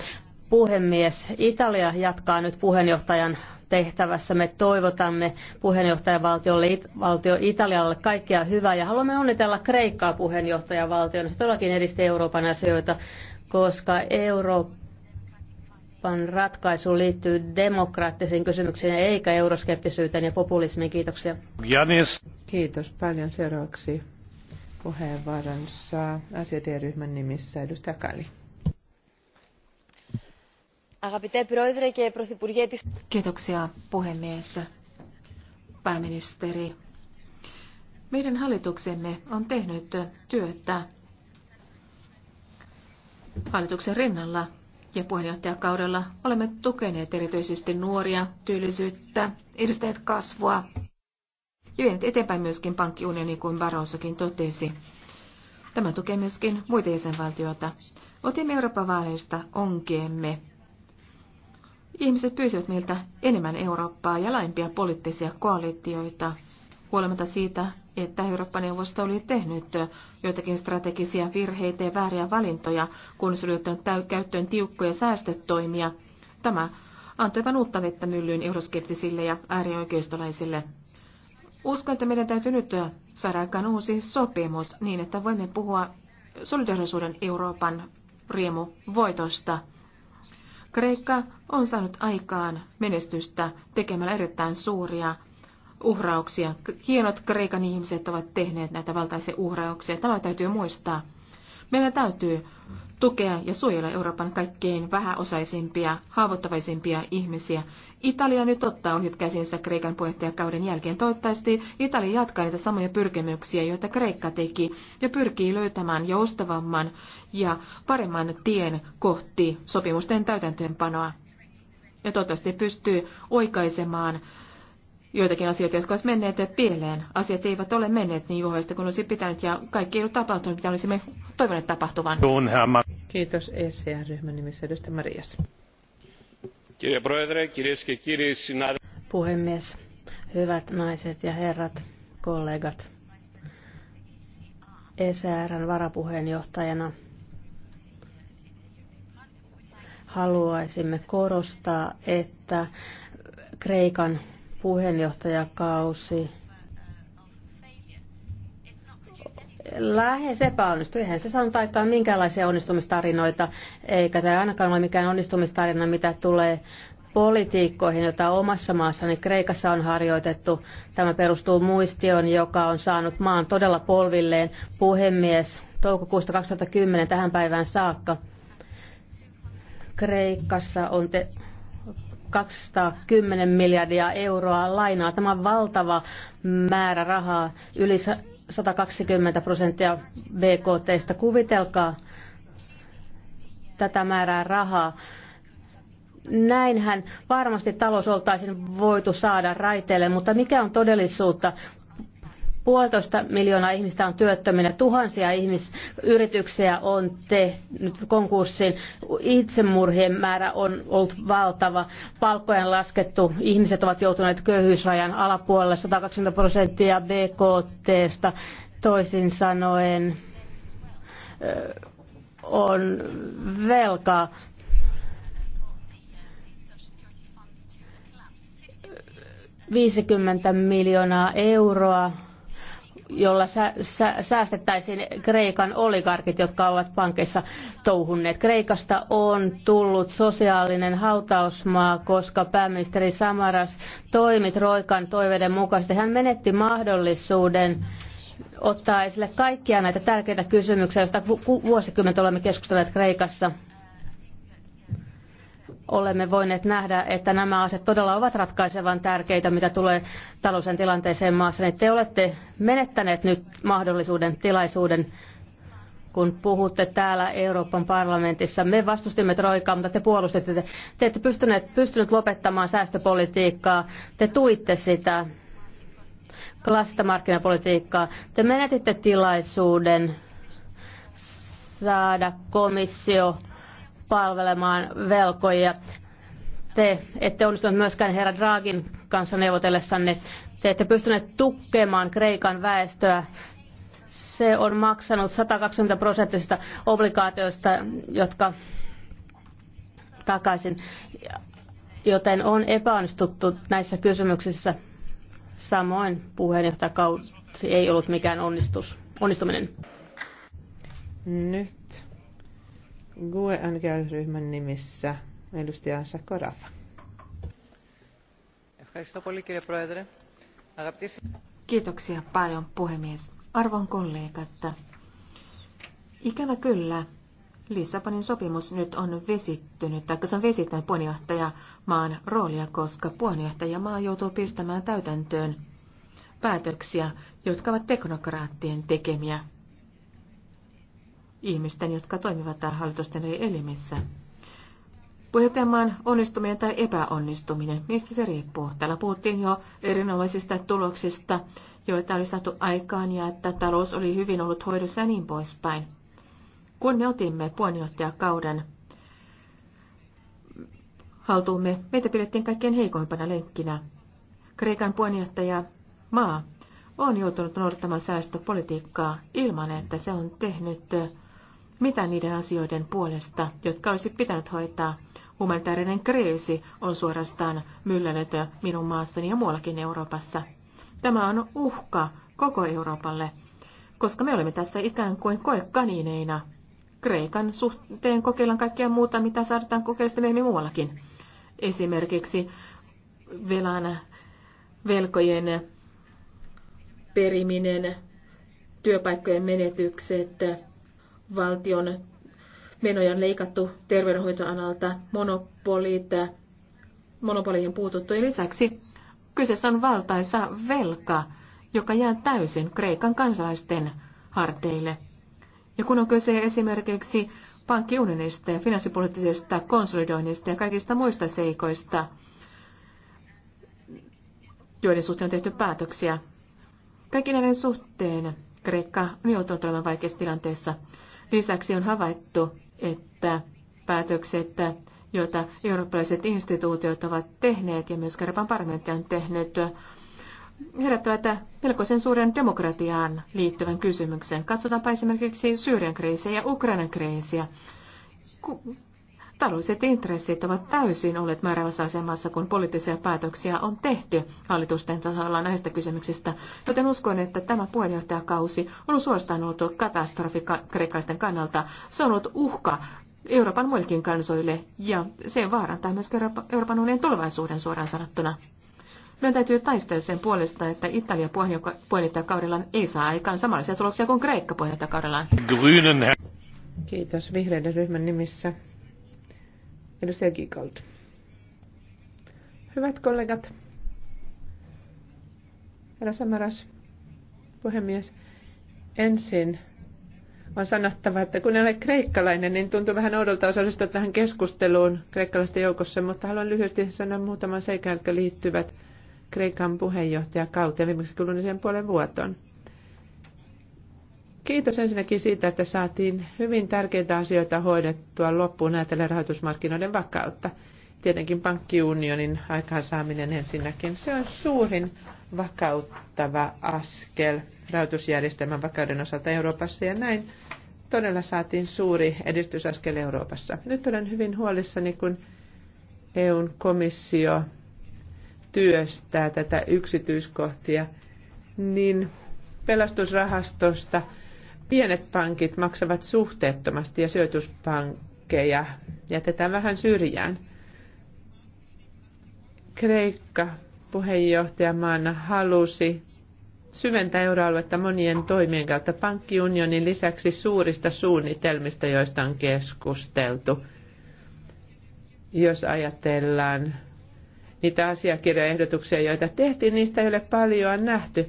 Speaker 3: Puhemies, Italia jatkaa nyt puheenjohtajan tehtävässä. Me toivotamme puheenjohtajavaltiolle valtio Italialle kaikkea hyvää ja haluamme onnitella Kreikkaa puheenjohtajavaltiona. Se todellakin edisti Euroopan asioita, koska Euroopan ratkaisu liittyy demokraattisiin kysymyksiin eikä euroskeptisyyteen ja populismiin. Kiitoksia.
Speaker 1: Janis.
Speaker 3: Kiitos paljon seuraavaksi
Speaker 1: puheenvuoronsa saa nimissä edustaja Kali.
Speaker 2: Kiitoksia puhemies, pääministeri. Meidän hallituksemme on tehnyt työtä hallituksen rinnalla ja puheenjohtajakaudella olemme tukeneet erityisesti nuoria, työllisyyttä, edistäneet kasvua ja vienyt eteenpäin myöskin pankkiunioni, niin kuin Barossakin totesi. Tämä tukee myöskin muita jäsenvaltioita. Otimme Euroopan vaaleista onkeemme. Ihmiset pyysivät meiltä enemmän Eurooppaa ja laimpia poliittisia koalitioita, huolimatta siitä, että Eurooppa-neuvosto oli tehnyt joitakin strategisia virheitä ja vääriä valintoja, kun se oli ottanut käyttöön tiukkoja säästötoimia. Tämä antoi vain uutta vettä myllyyn euroskeptisille ja äärioikeistolaisille Uskon, että meidän täytyy nyt saada aikaan uusi sopimus niin, että voimme puhua solidarisuuden Euroopan riemuvoitosta. Kreikka on saanut aikaan menestystä tekemällä erittäin suuria uhrauksia. Hienot Kreikan ihmiset ovat tehneet näitä valtaisia uhrauksia. Tämä täytyy muistaa. Meidän täytyy tukea ja suojella Euroopan kaikkein vähäosaisimpia, haavoittavaisimpia ihmisiä. Italia nyt ottaa ohjat käsinsä Kreikan puheenjohtajakauden jälkeen. Toivottavasti Italia jatkaa niitä samoja pyrkimyksiä, joita Kreikka teki, ja pyrkii löytämään joustavamman ja paremman tien kohti sopimusten täytäntöönpanoa. Ja toivottavasti pystyy oikaisemaan joitakin asioita, jotka ovat menneet pieleen. Asiat eivät ole menneet niin juhoista kuin olisi pitänyt ja kaikki ei ole tapahtunut, mitä olisimme toivoneet tapahtuvan. Kiitos ECR-ryhmän
Speaker 3: nimissä edustaja Marias. Puhemies, hyvät naiset ja herrat, kollegat. ECRn varapuheenjohtajana haluaisimme korostaa, että Kreikan puheenjohtajakausi lähes epäonnistui. Eihän se saanut aikaan minkäänlaisia onnistumistarinoita, eikä se ainakaan ole mikään onnistumistarina, mitä tulee politiikkoihin, joita omassa maassani Kreikassa on harjoitettu. Tämä perustuu muistioon, joka on saanut maan todella polvilleen puhemies toukokuusta 2010 tähän päivään saakka. Kreikassa on te- 210 miljardia euroa lainaa. Tämä on valtava määrä rahaa, yli 120 prosenttia BKTstä. Kuvitelkaa tätä määrää rahaa. Näinhän varmasti talous oltaisiin voitu saada raiteille, mutta mikä on todellisuutta? Puolitoista miljoonaa ihmistä on työttöminä, tuhansia ihmisyrityksiä on tehnyt konkurssiin, itsemurhien määrä on ollut valtava, palkkoja on laskettu, ihmiset ovat joutuneet köyhyysrajan alapuolelle 120 prosenttia BKTstä, toisin sanoen on velkaa viisikymmentä miljoonaa euroa jolla säästettäisiin Kreikan oligarkit, jotka ovat pankeissa touhunneet. Kreikasta on tullut sosiaalinen hautausmaa, koska pääministeri Samaras toimi Troikan toiveiden mukaisesti. Hän menetti mahdollisuuden ottaa esille kaikkia näitä tärkeitä kysymyksiä, joista vuosikymmentä olemme keskustelleet Kreikassa olemme voineet nähdä, että nämä asiat todella ovat ratkaisevan tärkeitä, mitä tulee talousen tilanteeseen maassa. Niin te olette menettäneet nyt mahdollisuuden, tilaisuuden kun puhutte täällä Euroopan parlamentissa. Me vastustimme Troikaa, mutta te puolustitte. Te, te ette pystyneet, pystyneet lopettamaan säästöpolitiikkaa. Te tuitte sitä klassista markkinapolitiikkaa. Te menetitte tilaisuuden saada komissio palvelemaan velkoja. Te ette onnistuneet myöskään herra Draagin kanssa neuvotellessanne. Te ette pystyneet tukemaan Kreikan väestöä. Se on maksanut 120 prosenttisista obligaatioista, jotka takaisin. Joten on epäonnistuttu näissä kysymyksissä. Samoin puheenjohtajakausi ei ollut mikään onnistus, onnistuminen. Nyt
Speaker 1: GUE NGL-ryhmän
Speaker 2: nimissä edustaja Sakorafa. Kiitoksia paljon puhemies. Arvon kollegat, ikävä kyllä Lissabonin sopimus nyt on vesittynyt, tai se on vesittänyt puheenjohtajamaan roolia, koska puheenjohtajamaa joutuu pistämään täytäntöön päätöksiä, jotka ovat teknokraattien tekemiä ihmisten, jotka toimivat hallitusten eri elimissä. Puheenjohtajamaan onnistuminen tai epäonnistuminen, mistä se riippuu? Täällä puhuttiin jo erinomaisista tuloksista, joita oli saatu aikaan ja että talous oli hyvin ollut hoidossa ja niin poispäin. Kun me otimme puheenjohtajakauden haltuumme, meitä pidettiin kaikkein heikoimpana lenkkinä. Kreikan puheenjohtaja maa on joutunut noudattamaan säästöpolitiikkaa ilman, että se on tehnyt mitä niiden asioiden puolesta, jotka olisi pitänyt hoitaa. Humanitaarinen kriisi on suorastaan myllänyt minun maassani ja muuallakin Euroopassa. Tämä on uhka koko Euroopalle, koska me olemme tässä ikään kuin koekanineina. Kreikan suhteen kokeillaan kaikkea muuta, mitä saadaan kokeilla myöhemmin muuallakin. Esimerkiksi velan, velkojen periminen, työpaikkojen menetykset, valtion menoja on leikattu terveydenhoitoanalta monopoliit, monopoliin puututtu. Ja lisäksi kyseessä on valtaisa velka, joka jää täysin Kreikan kansalaisten harteille. Ja kun on kyse esimerkiksi pankkiunionista ja finanssipoliittisesta konsolidoinnista ja kaikista muista seikoista, joiden suhteen on tehty päätöksiä. Kaikki näiden suhteen Kreikka on joutunut olemaan vaikeassa tilanteessa. Lisäksi on havaittu, että päätökset, joita eurooppalaiset instituutiot ovat tehneet ja myös Euroopan parlamentti on tehnyt, herättävät melkoisen suuren demokratiaan liittyvän kysymyksen. Katsotaanpa esimerkiksi Syyrian kriisiä ja Ukrainan kriisiä. Taloudelliset intressit ovat täysin olleet määräävässä asemassa, kun poliittisia päätöksiä on tehty hallitusten tasolla näistä kysymyksistä, joten uskon, että tämä puheenjohtajakausi on suorastaan ollut katastrofi kreikkalaisten kannalta. Se on ollut uhka Euroopan muillekin kansoille ja se vaarantaa myös Euroopan unionin tulevaisuuden suoraan sanottuna. Meidän täytyy taistella sen puolesta, että Italia puheenjohtajakaudellaan ei saa aikaan samanlaisia tuloksia kuin Kreikka puheenjohtajakaudellaan. Kiitos vihreiden ryhmän nimissä.
Speaker 1: Edustaja Giegold. Hyvät kollegat, herra Samaras, puhemies, ensin on sanottava, että kun en ole kreikkalainen, niin tuntuu vähän oudolta osallistua tähän keskusteluun kreikkalaisten joukossa, mutta haluan lyhyesti sanoa muutaman seikan, jotka liittyvät Kreikan puheenjohtajakauteen viimeksi kuluneeseen puolen vuotoon. Kiitos ensinnäkin siitä, että saatiin hyvin tärkeitä asioita hoidettua loppuun ajatellen rahoitusmarkkinoiden vakautta. Tietenkin pankkiunionin aikaansaaminen ensinnäkin, se on suurin vakauttava askel rahoitusjärjestelmän vakauden osalta Euroopassa ja näin todella saatiin suuri edistysaskel Euroopassa. Nyt olen hyvin huolissani, kun EUn komissio työstää tätä yksityiskohtia, niin pelastusrahastosta – Pienet pankit maksavat suhteettomasti ja syötyspankkeja jätetään vähän syrjään. Kreikka puheenjohtajamaana halusi syventää euroaluetta monien toimien kautta pankkiunionin lisäksi suurista suunnitelmista, joista on keskusteltu. Jos ajatellaan niitä asiakirjaehdotuksia, joita tehtiin, niistä ei ole paljon nähty.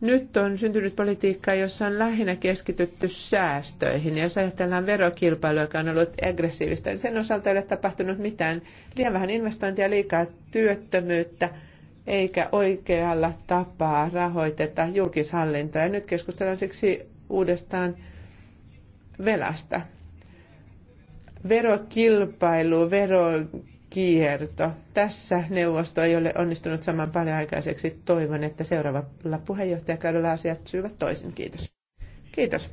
Speaker 1: Nyt on syntynyt politiikka, jossa on lähinnä keskitytty säästöihin. Ja jos ajatellaan verokilpailua, joka on ollut aggressiivista, niin sen osalta ei ole tapahtunut mitään. Liian vähän investointia, liikaa työttömyyttä, eikä oikealla tapaa rahoiteta julkishallintoa. Ja nyt keskustellaan siksi uudestaan velasta verokilpailu, veron kierto. Tässä neuvosto ei ole onnistunut saman paljon aikaiseksi. Toivon, että seuraavalla puheenjohtajakaudella asiat syyvät toisin. Kiitos. Kiitos.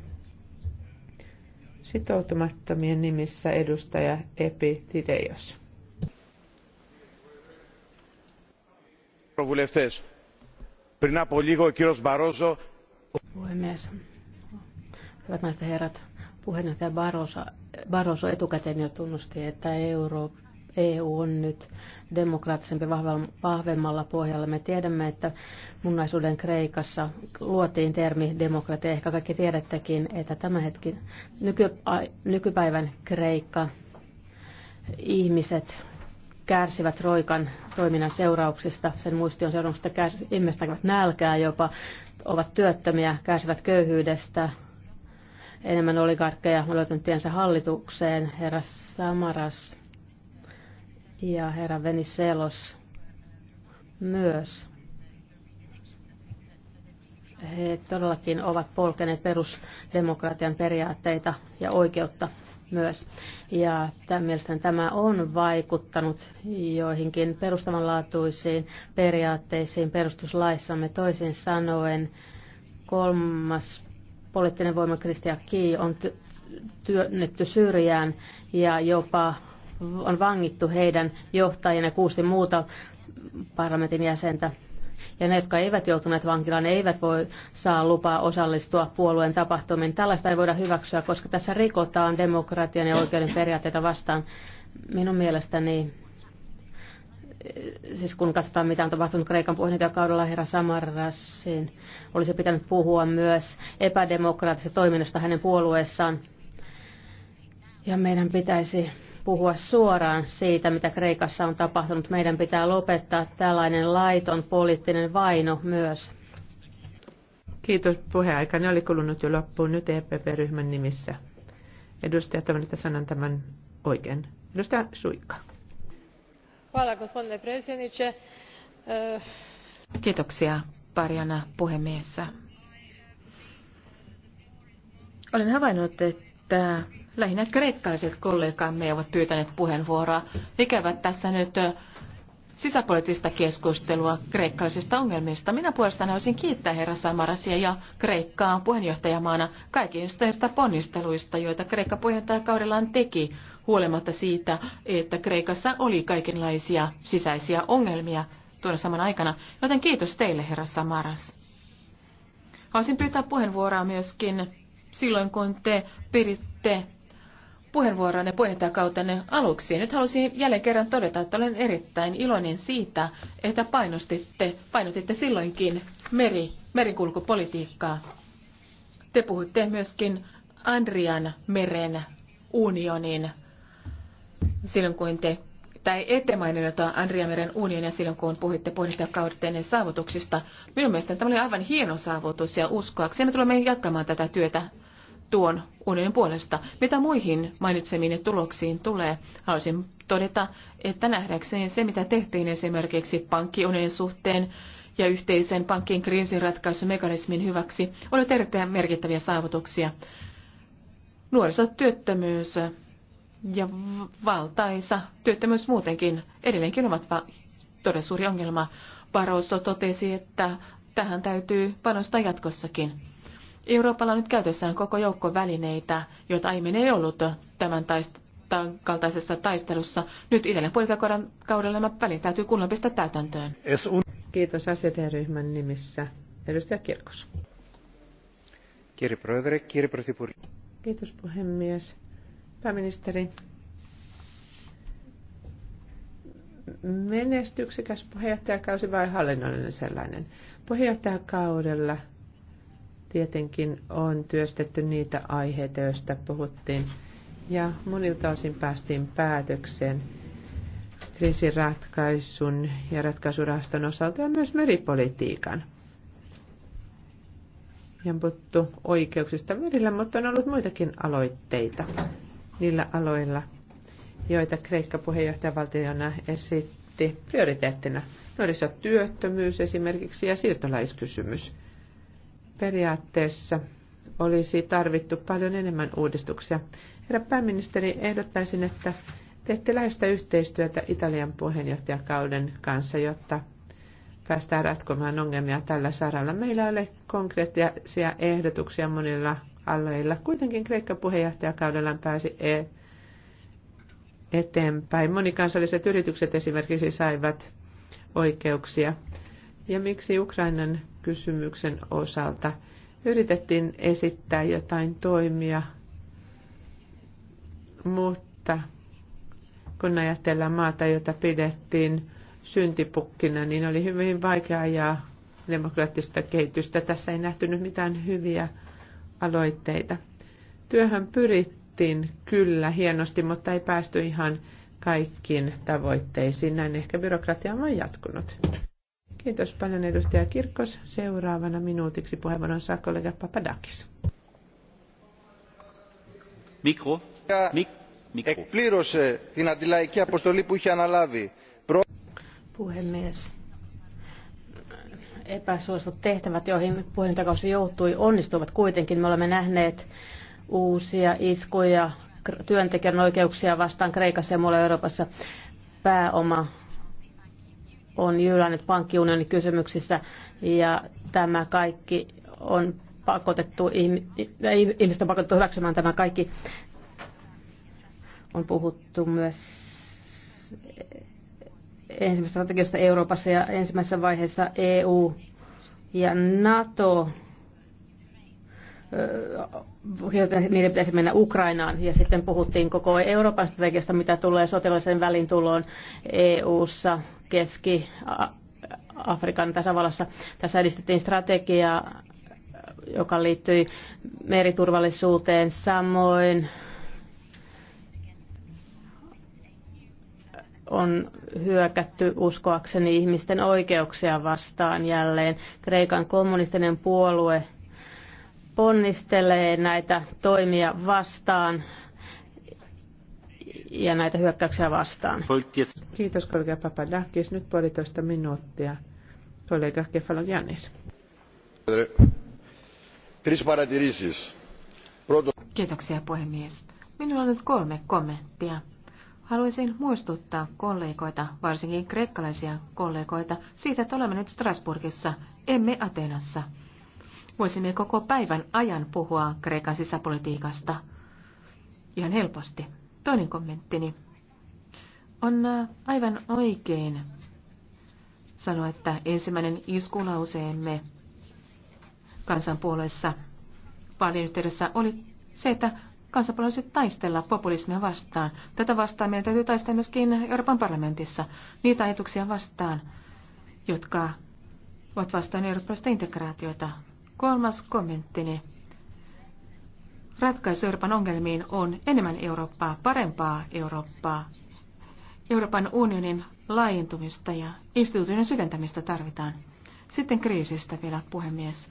Speaker 1: Sitoutumattomien nimissä edustaja Epi Tideos.
Speaker 3: Puhemies, hyvät naiset herrat, puheenjohtaja Barroso, Barroso etukäteen jo tunnusti, että Euroop EU on nyt demokraattisempi vahvemmalla pohjalla. Me tiedämme, että munnaisuuden Kreikassa luotiin termi demokratia. Ehkä kaikki tiedättekin, että tämä hetki, nyky, nykypäivän Kreikka, ihmiset kärsivät roikan toiminnan seurauksista, sen muistion seurauksista ihmiset nälkää jopa, ovat työttömiä, kärsivät köyhyydestä, enemmän oligarkkeja on löytänyt tiensä hallitukseen. Herra Samaras ja herra Veniselos myös. He todellakin ovat polkeneet perusdemokratian periaatteita ja oikeutta myös. Ja tämän mielestäni tämä on vaikuttanut joihinkin perustavanlaatuisiin periaatteisiin perustuslaissamme. Toisin sanoen kolmas poliittinen voima Kristian Kii on työnnetty syrjään ja jopa on vangittu heidän johtajien ja kuusi muuta parlamentin jäsentä. Ja ne, jotka eivät joutuneet vankilaan, eivät voi saa lupaa osallistua puolueen tapahtumiin. Tällaista ei voida hyväksyä, koska tässä rikotaan demokratian ja oikeuden periaatteita vastaan. Minun mielestäni eh, siis kun katsotaan, mitä on tapahtunut Kreikan puheenjohtajakaudella herra Samarrasin, olisi pitänyt puhua myös epädemokraattisesta toiminnasta hänen puolueessaan. Ja meidän pitäisi puhua suoraan siitä, mitä Kreikassa on tapahtunut. Meidän pitää lopettaa tällainen laiton poliittinen vaino myös. Kiitos. Puheaikani oli kulunut jo loppuun nyt
Speaker 1: EPP-ryhmän nimissä. Edustaja, toivon, että sanon tämän oikein. Edustaja
Speaker 2: Suikka. E- Kiitoksia, parjana puhemies. Olen havainnut, että Lähinnä kreikkalaiset kollegamme ovat pyytäneet puheenvuoroa. Ikävät tässä nyt sisäpoliittista keskustelua kreikkalaisista ongelmista. Minä puolestani olisin kiittää herra Samarasia ja Kreikkaa puheenjohtajamaana kaikista ponnisteluista, joita Kreikka puheenjohtajakaudellaan teki, huolimatta siitä, että Kreikassa oli kaikenlaisia sisäisiä ongelmia tuona samana aikana. Joten kiitos teille, herra Samaras. Haluaisin pyytää puheenvuoroa myöskin silloin, kun te piditte puheenvuoronne puheenjohtajakautenne aluksi. Nyt haluaisin jälleen kerran todeta, että olen erittäin iloinen siitä, että painostitte, painotitte silloinkin meri, merikulkupolitiikkaa. Te puhutte myöskin Andrian meren unionin silloin, kun te tai ette maininnut meren unionia silloin, kun puhuitte puheenjohtajakaudettenne saavutuksista. Minun mielestäni tämä oli aivan hieno saavutus ja uskoakseni tulemme jatkamaan tätä työtä tuon unionin puolesta. Mitä muihin mainitsemiin tuloksiin tulee, haluaisin todeta, että nähdäkseen se, mitä tehtiin esimerkiksi pankkiunionin suhteen ja yhteisen pankkien kriisinratkaisumekanismin hyväksi, oli erittäin merkittäviä saavutuksia. Nuorisotyöttömyys ja valtaisa työttömyys muutenkin edelleenkin ovat todella suuri ongelma. Barroso totesi, että tähän täytyy panostaa jatkossakin. Euroopalla on nyt käytössään koko joukko välineitä, joita aiemmin ei ollut tämän taist- tämän kaltaisessa taistelussa. Nyt Italian kaudella nämä välin täytyy kunnon pistää täytäntöön. Kiitos asiateryhmän nimissä. Edustaja Kirkos.
Speaker 1: Kiitos puhemies. Pääministeri, menestyksekäs puheenjohtajakausi vai hallinnollinen sellainen? Puheenjohtajakaudella – tietenkin on työstetty niitä aiheita, joista puhuttiin. Ja monilta osin päästiin päätökseen kriisiratkaisun ja ratkaisurahaston osalta ja myös meripolitiikan. Ja on puhuttu oikeuksista merillä, mutta on ollut muitakin aloitteita niillä aloilla, joita Kreikka puheenjohtajavaltiona esitti prioriteettina. Nuorisotyöttömyys esimerkiksi ja siirtolaiskysymys periaatteessa olisi tarvittu paljon enemmän uudistuksia. Herra pääministeri, ehdottaisin, että teette läheistä yhteistyötä Italian puheenjohtajakauden kanssa, jotta päästään ratkomaan ongelmia tällä saralla. Meillä ei ole konkreettisia ehdotuksia monilla alueilla. Kuitenkin Kreikka puheenjohtajakaudellaan pääsi e- eteenpäin. Monikansalliset yritykset esimerkiksi saivat oikeuksia ja miksi Ukrainan kysymyksen osalta yritettiin esittää jotain toimia, mutta kun ajatellaan maata, jota pidettiin syntipukkina, niin oli hyvin vaikea ajaa demokraattista kehitystä. Tässä ei nähtynyt mitään hyviä aloitteita. Työhön pyrittiin kyllä hienosti, mutta ei päästy ihan kaikkiin tavoitteisiin. Näin ehkä byrokratia on jatkunut. Kiitos paljon edustaja Kirkkos. Seuraavana minuutiksi puheenvuoron saa kollega Papadakis.
Speaker 3: Mikro. Mik Mikro. Εκπλήρωσε την αντιλαϊκή αποστολή που είχε αναλάβει. Puhemies. Epäsuositut tehtävät, joihin puheenjohtajakausi joutui, onnistuivat kuitenkin. Me olemme nähneet uusia iskuja työntekijän oikeuksia vastaan Kreikassa ja muualla Euroopassa. Pääoma on jyllännyt pankkiunionin kysymyksissä ja tämä kaikki on pakotettu, ihmiset on pakotettu hyväksymään tämä kaikki. On puhuttu myös ensimmäisestä strategiasta Euroopassa ja ensimmäisessä vaiheessa EU ja NATO niiden pitäisi mennä Ukrainaan. Ja sitten puhuttiin koko Euroopan strategiasta, mitä tulee sotilaisen välintuloon EU-ssa Keski-Afrikan tasavallassa. Tässä edistettiin strategiaa, joka liittyi meriturvallisuuteen samoin. on hyökätty uskoakseni ihmisten oikeuksia vastaan jälleen. Kreikan kommunistinen puolue ponnistelee näitä toimia vastaan ja näitä hyökkäyksiä vastaan. Kiitos kollega Papadakis. Nyt puolitoista minuuttia. Kollega
Speaker 2: Kefalogiannis. Kiitoksia puhemies. Minulla on nyt kolme kommenttia. Haluaisin muistuttaa kollegoita, varsinkin kreikkalaisia kollegoita, siitä, että olemme nyt Strasburgissa, emme Atenassa. Voisimme koko päivän ajan puhua Kreikan sisäpolitiikasta. Ihan helposti. Toinen kommenttini. On äh, aivan oikein sanoa, että ensimmäinen iskulauseemme kansanpuolueessa paljon yhteydessä oli se, että kansanpuolueessa taistella populismia vastaan. Tätä vastaan meidän täytyy taistella myöskin Euroopan parlamentissa niitä ajatuksia vastaan, jotka ovat vastaan eurooppalaista integraatiota. Kolmas kommenttini ratkaisu Euroopan ongelmiin on enemmän Eurooppaa, parempaa Eurooppaa. Euroopan unionin laajentumista ja instituutioiden syventämistä tarvitaan. Sitten kriisistä vielä, puhemies.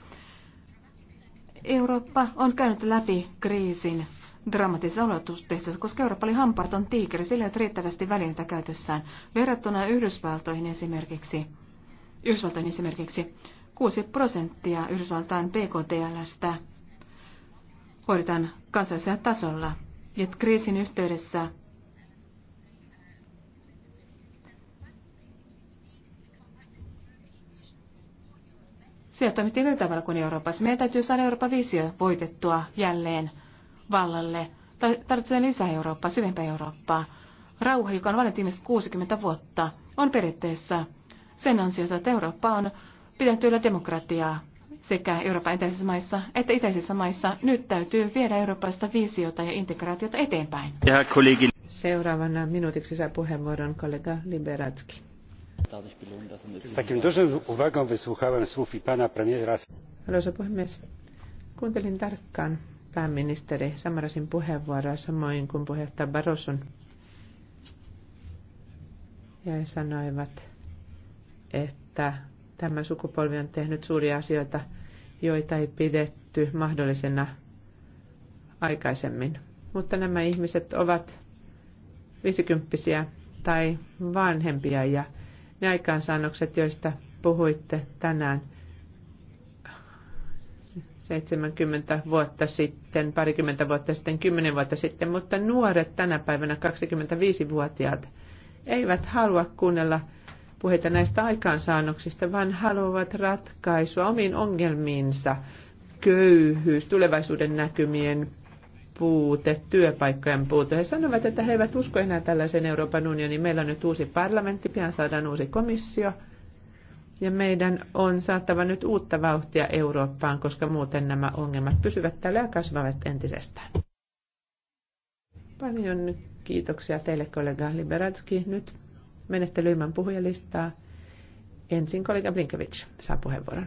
Speaker 2: Eurooppa on käynyt läpi kriisin dramaattisissa olotusteissa, koska Eurooppa oli hampaaton tiikeri, sillä ei ole riittävästi välineitä käytössään. Verrattuna Yhdysvaltoihin esimerkiksi, Yhdysvaltoihin esimerkiksi 6 prosenttia Yhdysvaltain BKTLstä hoidetaan kansallisella tasolla. Ja kriisin yhteydessä Sieltä toimittiin eri tavalla kuin Euroopassa. Meidän täytyy saada Euroopan visio voitettua jälleen vallalle. Tarvitsemme lisää Eurooppaa, syvempää Eurooppaa. Rauha, joka on vallinnut 60 vuotta, on periaatteessa sen ansiota, että Eurooppa on pitänyt yllä demokratiaa, sekä Euroopan itäisissä maissa että itäisissä maissa. Nyt täytyy viedä eurooppalaista visiota ja integraatiota eteenpäin.
Speaker 3: Ja kollegi.
Speaker 2: Seuraavana minuutiksi saa
Speaker 1: puheenvuoron kollega Liberatski. Arvoisa puhemies, kuuntelin tarkkaan pääministeri Samarasin puheenvuoroa samoin kuin puheenjohtaja Barroson. Ja he sanoivat, että Tämä sukupolvi on tehnyt suuria asioita, joita ei pidetty mahdollisena aikaisemmin. Mutta nämä ihmiset ovat viisikymppisiä tai vanhempia ja ne aikaansaannokset, joista puhuitte tänään 70 vuotta sitten, parikymmentä vuotta sitten, kymmenen vuotta sitten, mutta nuoret tänä päivänä 25-vuotiaat eivät halua kuunnella puheita näistä aikaansaannoksista, vaan haluavat ratkaisua omiin ongelmiinsa. Köyhyys, tulevaisuuden näkymien puute, työpaikkojen puute. He sanovat, että he eivät usko enää tällaisen Euroopan unionin. Meillä on nyt uusi parlamentti, pian saadaan uusi komissio. Ja meidän on saattava nyt uutta vauhtia Eurooppaan, koska muuten nämä ongelmat pysyvät täällä ja kasvavat entisestään. Paljon kiitoksia teille kollega Liberatski. Nyt menette ilman puhujalistaa. Ensin kollega Blinkovic saa puheenvuoron.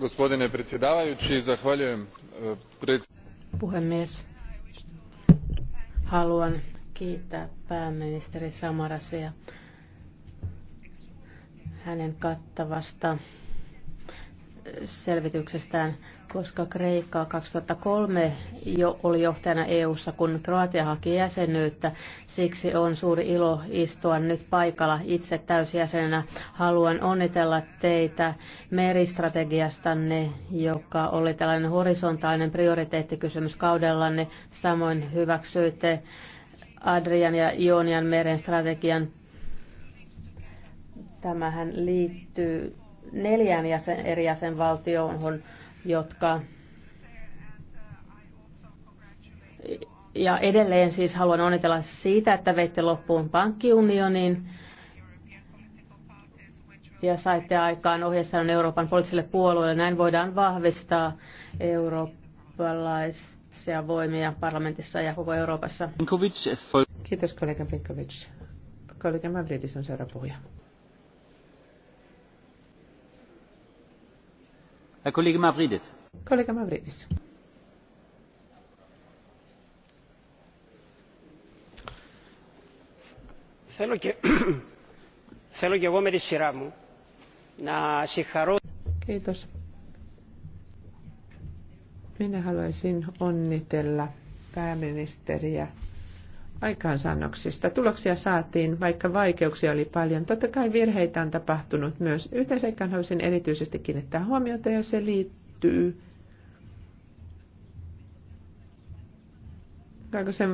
Speaker 2: Gospodine predsjedavajući, zahvaljujem eh,
Speaker 3: puhemies. Haluan kiittää pääministeri Samarasia hänen kattavasta selvityksestään, koska Kreikka 2003 jo oli johtajana EU:ssa, kun Kroatia haki jäsenyyttä. Siksi on suuri ilo istua nyt paikalla itse täysjäsenenä. Haluan onnitella teitä meristrategiastanne, joka oli tällainen horisontaalinen prioriteettikysymys kaudellanne. Samoin hyväksyitte Adrian ja Ionian meren strategian. Tämähän liittyy neljään jäsen, eri jäsenvaltioon, jotka ja edelleen siis haluan onnitella siitä, että veitte loppuun pankkiunionin ja saitte aikaan ohjeissanon Euroopan poliittiselle puolueelle. Näin voidaan vahvistaa eurooppalaisia voimia parlamentissa ja koko Euroopassa. Kiitos kollega Pinkovic. Kollega Mavridis on seuraava puhuja.
Speaker 1: Kollega Mavridis. Kollega Mavridis.
Speaker 3: Θέλω και, εγώ με τη σειρά μου να συγχαρώ.
Speaker 1: Minä haluaisin onnitella pääministeriä aikaansaannoksista. Tuloksia saatiin, vaikka vaikeuksia oli paljon. Totta kai virheitä on tapahtunut myös. Yhteen seikkaan haluaisin erityisesti kiinnittää huomiota ja se liittyy Kaakkoisen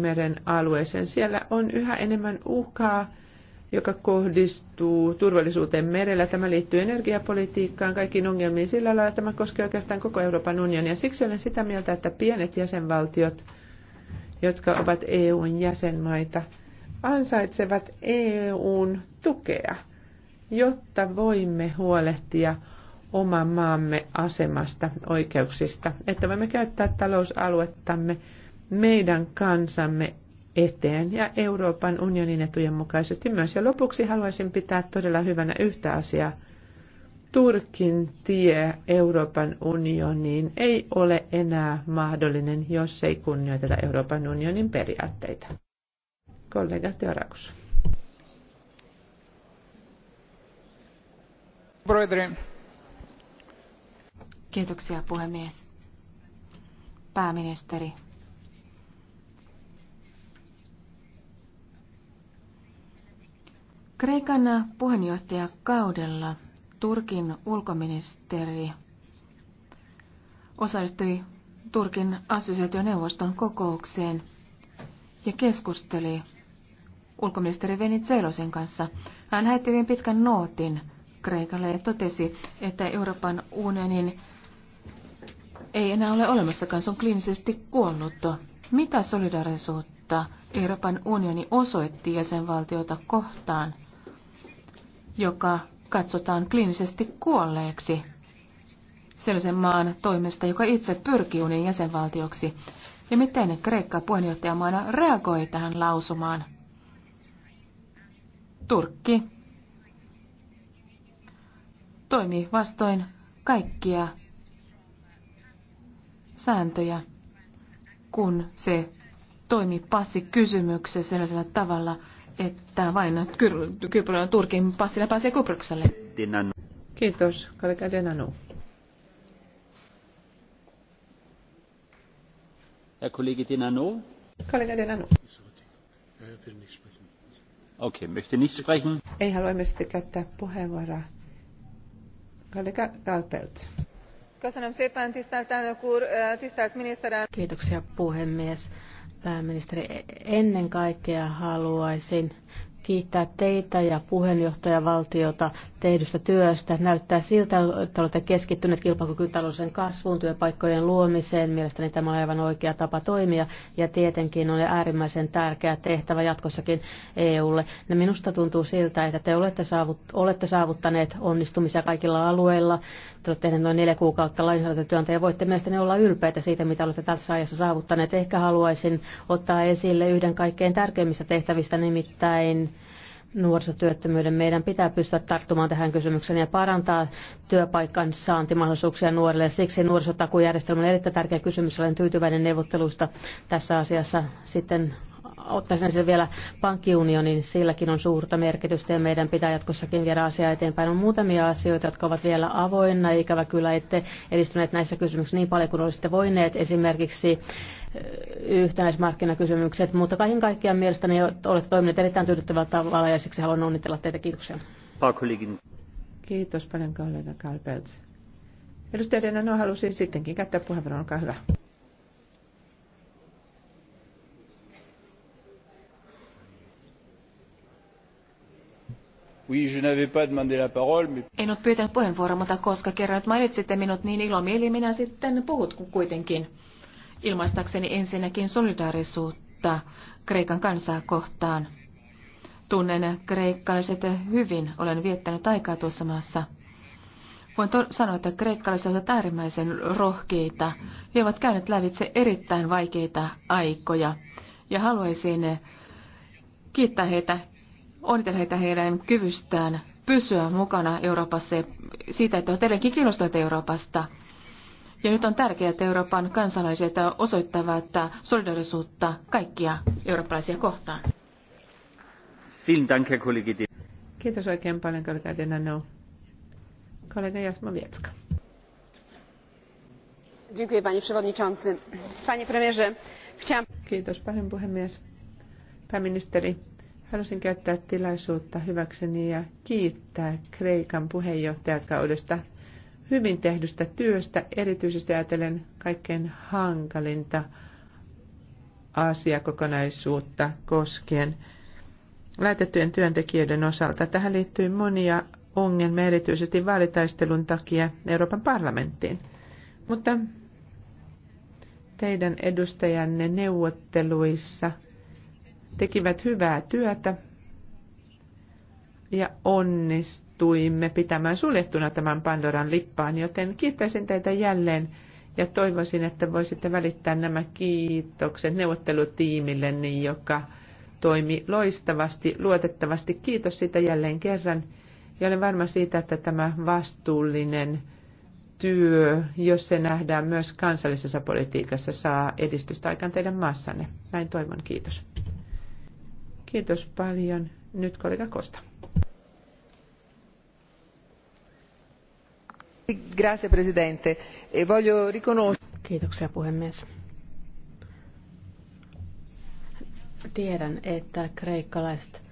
Speaker 1: meren alueeseen. Siellä on yhä enemmän uhkaa, joka kohdistuu turvallisuuteen merellä. Tämä liittyy energiapolitiikkaan, kaikkiin ongelmiin. Sillä lailla tämä koskee oikeastaan koko Euroopan unionia. Siksi olen sitä mieltä, että pienet jäsenvaltiot – jotka ovat EUn jäsenmaita, ansaitsevat EUn tukea, jotta voimme huolehtia oman maamme asemasta, oikeuksista, että voimme käyttää talousaluettamme meidän kansamme eteen ja Euroopan unionin etujen mukaisesti myös. Ja lopuksi haluaisin pitää todella hyvänä yhtä asiaa, Turkin tie Euroopan unioniin ei ole enää mahdollinen, jos ei kunnioiteta Euroopan unionin periaatteita. Kollega Teorakus.
Speaker 2: Kiitoksia puhemies. Pääministeri. Kreikan puheenjohtajakaudella kaudella Turkin ulkoministeri osallistui Turkin assosiaationeuvoston kokoukseen ja keskusteli ulkoministeri Venizelosin kanssa. Hän häitti hyvin pitkän nootin Kreikalle ja totesi, että Euroopan unionin ei enää ole olemassakaan, se on kliinisesti kuollut. Mitä solidarisuutta Euroopan unioni osoitti jäsenvaltiota kohtaan, joka katsotaan kliinisesti kuolleeksi sellaisen maan toimesta, joka itse pyrkii unin jäsenvaltioksi. Ja miten Kreikka puheenjohtajamaana reagoi tähän lausumaan? Turkki toimii vastoin kaikkia sääntöjä, kun se toimi passikysymyksessä sellaisella tavalla, että vain Kypron Turkin passilla pääsee Kyprokselle. Kiitos, kollega Denanu. Herr Kollege Denano?
Speaker 1: Kollega Denano. Okei, möchte nicht sprechen. Ei halua ilmeisesti käyttää puheenvuoroa. Kollega Galpelt.
Speaker 3: Kiitoksia puhemies pääministeri. Ennen kaikkea haluaisin kiittää teitä ja puheenjohtajavaltiota tehdystä työstä. Näyttää siltä, että olette keskittyneet kilpailukykytalouden kasvuun, työpaikkojen luomiseen. Mielestäni tämä on aivan oikea tapa toimia ja tietenkin on äärimmäisen tärkeä tehtävä jatkossakin EUlle. Ja minusta tuntuu siltä, että te olette, saavut, olette saavuttaneet onnistumisia kaikilla alueilla olette tehneet noin neljä kuukautta lainsäädäntötyöntä ja voitte mielestäni olla ylpeitä siitä, mitä olette tässä ajassa saavuttaneet. Ehkä haluaisin ottaa esille yhden kaikkein tärkeimmistä tehtävistä, nimittäin nuorisotyöttömyyden. Meidän pitää pystyä tarttumaan tähän kysymykseen ja parantaa työpaikan saantimahdollisuuksia nuorille. Siksi nuorisotakujärjestelmä on erittäin tärkeä kysymys. Olen tyytyväinen neuvotteluista tässä asiassa. Sitten ottaisin sen vielä pankkiunionin, silläkin on suurta merkitystä ja meidän pitää jatkossakin viedä asiaa eteenpäin. On muutamia asioita, jotka ovat vielä avoinna, ikävä kyllä ette edistyneet näissä kysymyksissä niin paljon kuin olisitte voineet, esimerkiksi eh, yhtenäismarkkinakysymykset, mutta kaiken kaikkiaan mielestäni olette toimineet erittäin tyydyttävällä tavalla ja siksi haluan onnitella teitä. Kiitoksia. Kiitos paljon kollega Kalpelt.
Speaker 1: Edustaja Denano halusi sittenkin käyttää puheenvuoron, olkaa hyvä.
Speaker 2: Oui, je n'avais pas demandé la parole, mais... En ole pyytänyt puheenvuoroa, mutta koska kerran nyt mainitsitte minut niin ilomieli, minä sitten puhut kuitenkin. Ilmaistakseni ensinnäkin solidaarisuutta Kreikan kansaa kohtaan. Tunnen kreikkalaiset hyvin, olen viettänyt aikaa tuossa maassa. Voin sanoa, että kreikkalaiset ovat äärimmäisen rohkeita. He ovat käyneet lävitse erittäin vaikeita aikoja. Ja haluaisin kiittää heitä onnitella heitä heidän kyvystään pysyä mukana Euroopassa ja siitä, että on edelleenkin kiinnostuneita Euroopasta. Ja nyt on tärkeää, että Euroopan kansalaiset osoittavat solidarisuutta kaikkia eurooppalaisia kohtaan.
Speaker 1: Kiitos oikein paljon, kollega Denano. Kollega Jasma Wiecka.
Speaker 2: Dziękuję, panie przewodniczący. Panie premierze,
Speaker 1: chciałam... Kiitos paljon, puhemies. Pääministeri, Haluaisin käyttää tilaisuutta hyväkseni ja kiittää Kreikan puheenjohtajakaudesta hyvin tehdystä työstä, erityisesti ajatellen kaikkein hankalinta asiakokonaisuutta koskien lähetettyjen työntekijöiden osalta. Tähän liittyy monia ongelmia, erityisesti vaalitaistelun takia Euroopan parlamenttiin. Mutta teidän edustajanne neuvotteluissa – tekivät hyvää työtä ja onnistuimme pitämään suljettuna tämän Pandoran lippaan, joten kiittäisin teitä jälleen ja toivoisin, että voisitte välittää nämä kiitokset neuvottelutiimille, niin joka toimi loistavasti, luotettavasti. Kiitos siitä jälleen kerran. Ja olen varma siitä, että tämä vastuullinen työ, jos se nähdään myös kansallisessa politiikassa, saa edistystä aikaan teidän maassanne. Näin toivon. Kiitos. Kiitos paljon. Nyt kollega Kosta.
Speaker 3: Grazie presidente. E voglio Kiitoksia puhemies. Tiedän, että kreikkalaiset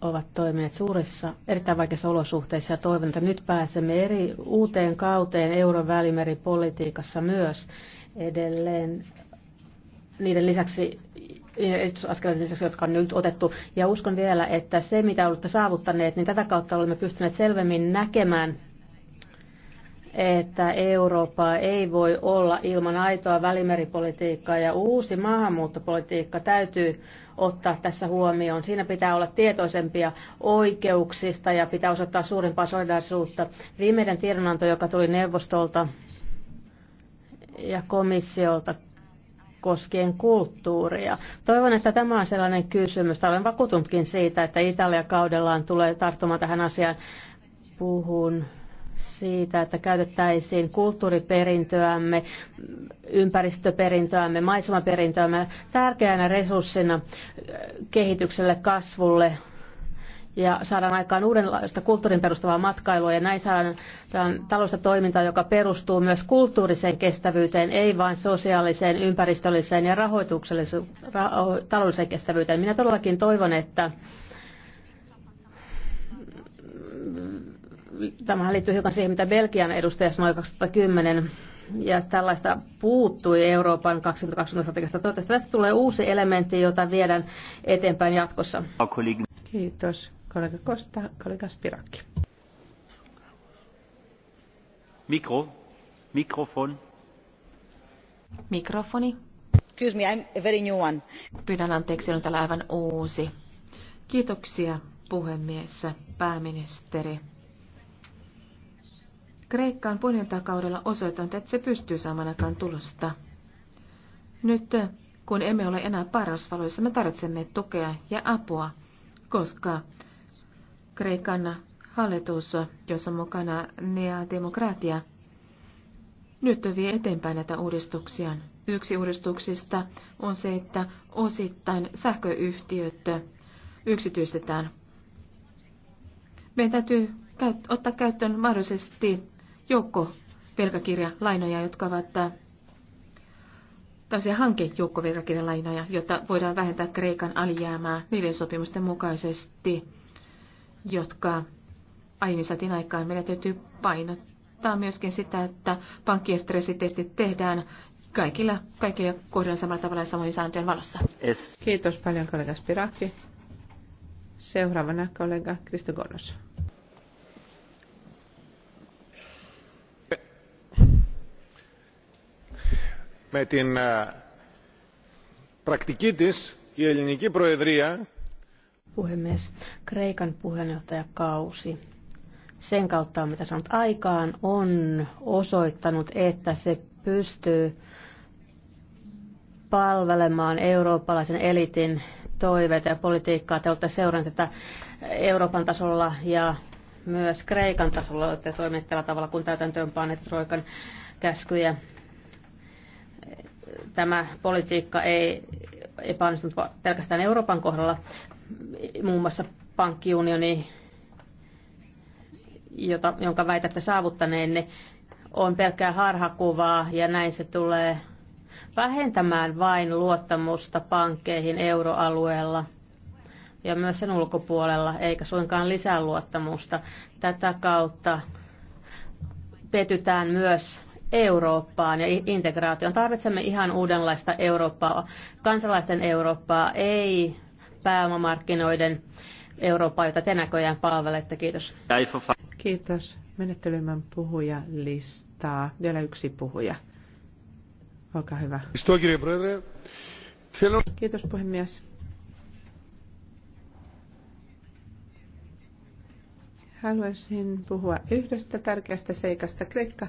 Speaker 3: ovat toimineet suurissa, erittäin vaikeissa olosuhteissa ja toivon, että nyt pääsemme eri uuteen kauteen euron välimeripolitiikassa myös edelleen. Niiden lisäksi edistysaskeleiden lisäksi, jotka on nyt otettu. Ja uskon vielä, että se, mitä olette saavuttaneet, niin tätä kautta olemme pystyneet selvemmin näkemään että Eurooppa ei voi olla ilman aitoa välimeripolitiikkaa ja uusi maahanmuuttopolitiikka täytyy ottaa tässä huomioon. Siinä pitää olla tietoisempia oikeuksista ja pitää osoittaa suurimpaa solidaarisuutta. Viimeinen tiedonanto, joka tuli neuvostolta ja komissiolta koskien kulttuuria. Toivon, että tämä on sellainen kysymys. Olen vakuutunutkin siitä, että Italia kaudellaan tulee tarttumaan tähän asiaan. Puhun siitä, että käytettäisiin kulttuuriperintöämme, ympäristöperintöämme, maisemaperintöämme tärkeänä resurssina kehitykselle, kasvulle, ja saadaan aikaan uudenlaista kulttuurin perustavaa matkailua ja näin saadaan, saadaan taloudellista toimintaa, joka perustuu myös kulttuuriseen kestävyyteen, ei vain sosiaaliseen, ympäristölliseen ja rahoitukselliseen, raho, taloudelliseen kestävyyteen. Minä todellakin toivon, että tämä liittyy hiukan siihen, mitä Belgian edustaja sanoi 2010, ja tällaista puuttui Euroopan 2020-strategiasta. Toivottavasti tästä tulee uusi elementti, jota viedään eteenpäin jatkossa. Kiitos kollega Kosta, kollega Spiraki.
Speaker 1: Mikro.
Speaker 2: Mikrofon. Mikrofoni. Excuse me, I'm a very new one. Pyydän anteeksi, on täällä aivan uusi. Kiitoksia puhemies, pääministeri. Kreikka on puheenjohtajakaudella osoittanut, että se pystyy saamaan aikaan tulosta. Nyt, kun emme ole enää valoissa, me tarvitsemme tukea ja apua, koska Kreikan hallitus, jossa on mukana Nea Demokratia, nyt vie eteenpäin näitä uudistuksia. Yksi uudistuksista on se, että osittain sähköyhtiöt yksityistetään. Meidän täytyy ottaa käyttöön mahdollisesti joukko velkakirjalainoja, jotka ovat äh, tällaisia hankejoukkovelkakirjalainoja, jotta voidaan vähentää Kreikan alijäämää niiden sopimusten mukaisesti jotka aiemmin saatiin aikaan. Meidän täytyy painottaa myöskin sitä, että pankkien stressitestit tehdään kaikilla, kaikilla kohdalla samalla tavalla ja samoin sääntöjen valossa. Yes. Kiitos paljon kollega Spiraki. Seuraavana kollega Kristo Gonos.
Speaker 3: Με την πρακτική της η ελληνική προεδρία puhemies. Kreikan puheenjohtajakausi sen kautta, mitä sanot aikaan, on osoittanut, että se pystyy palvelemaan eurooppalaisen elitin toiveita ja politiikkaa. Te olette seuranneet tätä Euroopan tasolla ja myös Kreikan tasolla olette toimineet tällä tavalla, kun täytäntöön panneet Troikan käskyjä. Tämä politiikka ei epäonnistunut pelkästään Euroopan kohdalla, muun muassa pankkiunioni, jota, jonka väitätte saavuttaneenne, on pelkkää harhakuvaa ja näin se tulee vähentämään vain luottamusta pankkeihin euroalueella ja myös sen ulkopuolella, eikä suinkaan lisää luottamusta. Tätä kautta petytään myös Eurooppaan ja integraation. Tarvitsemme ihan uudenlaista Eurooppaa, kansalaisten Eurooppaa, ei pääomamarkkinoiden Eurooppaa, jota te näköjään palvelette. Kiitos. Kiitos. Menettelymän puhuja listaa. Vielä yksi
Speaker 1: puhuja. Olkaa hyvä. Kiitos puhemies. Haluaisin puhua yhdestä tärkeästä seikasta. Kreikka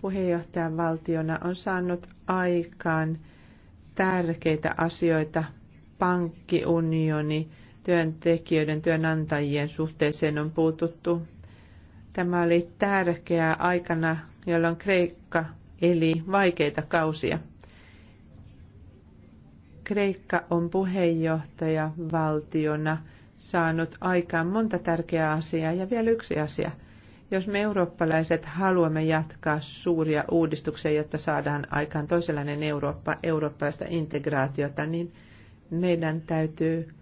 Speaker 1: puheenjohtajan valtiona on saanut aikaan tärkeitä asioita pankkiunioni työntekijöiden, työnantajien suhteeseen on puututtu. Tämä oli tärkeää aikana, jolloin Kreikka eli vaikeita kausia. Kreikka on puheenjohtajavaltiona saanut aikaan monta tärkeää asiaa ja vielä yksi asia. Jos me eurooppalaiset haluamme jatkaa suuria uudistuksia, jotta saadaan aikaan toisenlainen Eurooppa, eurooppalaista integraatiota, niin – meidän täytyy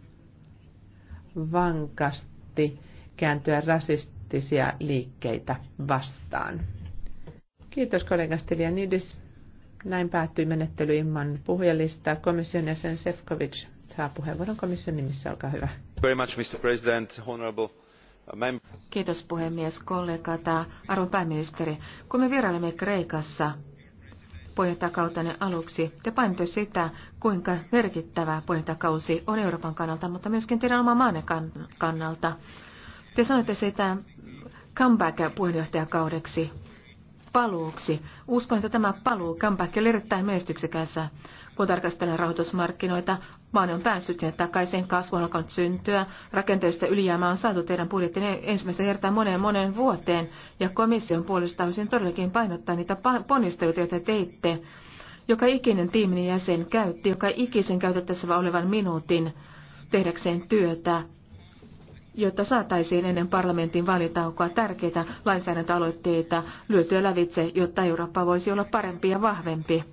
Speaker 1: vankasti kääntyä rasistisia liikkeitä vastaan. Kiitos kollega Stelianidis. Näin päättyi menettely ilman puhujalista. Komission jäsen Sefcovic
Speaker 2: saa puheenvuoron komission nimissä. Olkaa hyvä.
Speaker 1: Very much, Mr. President, honorable uh,
Speaker 2: Kiitos puhemies, kollegata, arvon pääministeri. Kun me vierailemme Kreikassa, puheenjohtajakautenne aluksi. Te painotte sitä, kuinka merkittävä puheenjohtajakausi on Euroopan kannalta, mutta myöskin teidän oman maanne kannalta. Te sanoitte sitä comeback puheenjohtajakaudeksi, paluuksi. Uskon, että tämä paluu comeback oli erittäin menestyksekässä, kun tarkastellaan rahoitusmarkkinoita, maan on päässyt sinne takaisin, kasvu on alkanut syntyä, rakenteellista ylijäämää on saatu teidän budjettinne ensimmäistä kertaa moneen moneen vuoteen, ja komission puolesta haluaisin todellakin painottaa niitä ponnisteluita, joita teitte. Joka ikinen tiimin jäsen käytti, joka ikisen käytettävissä olevan minuutin tehdäkseen työtä, jotta saataisiin ennen parlamentin valitaukoa tärkeitä lainsäädäntöaloitteita lyötyä lävitse, jotta Eurooppa voisi olla parempi ja vahvempi.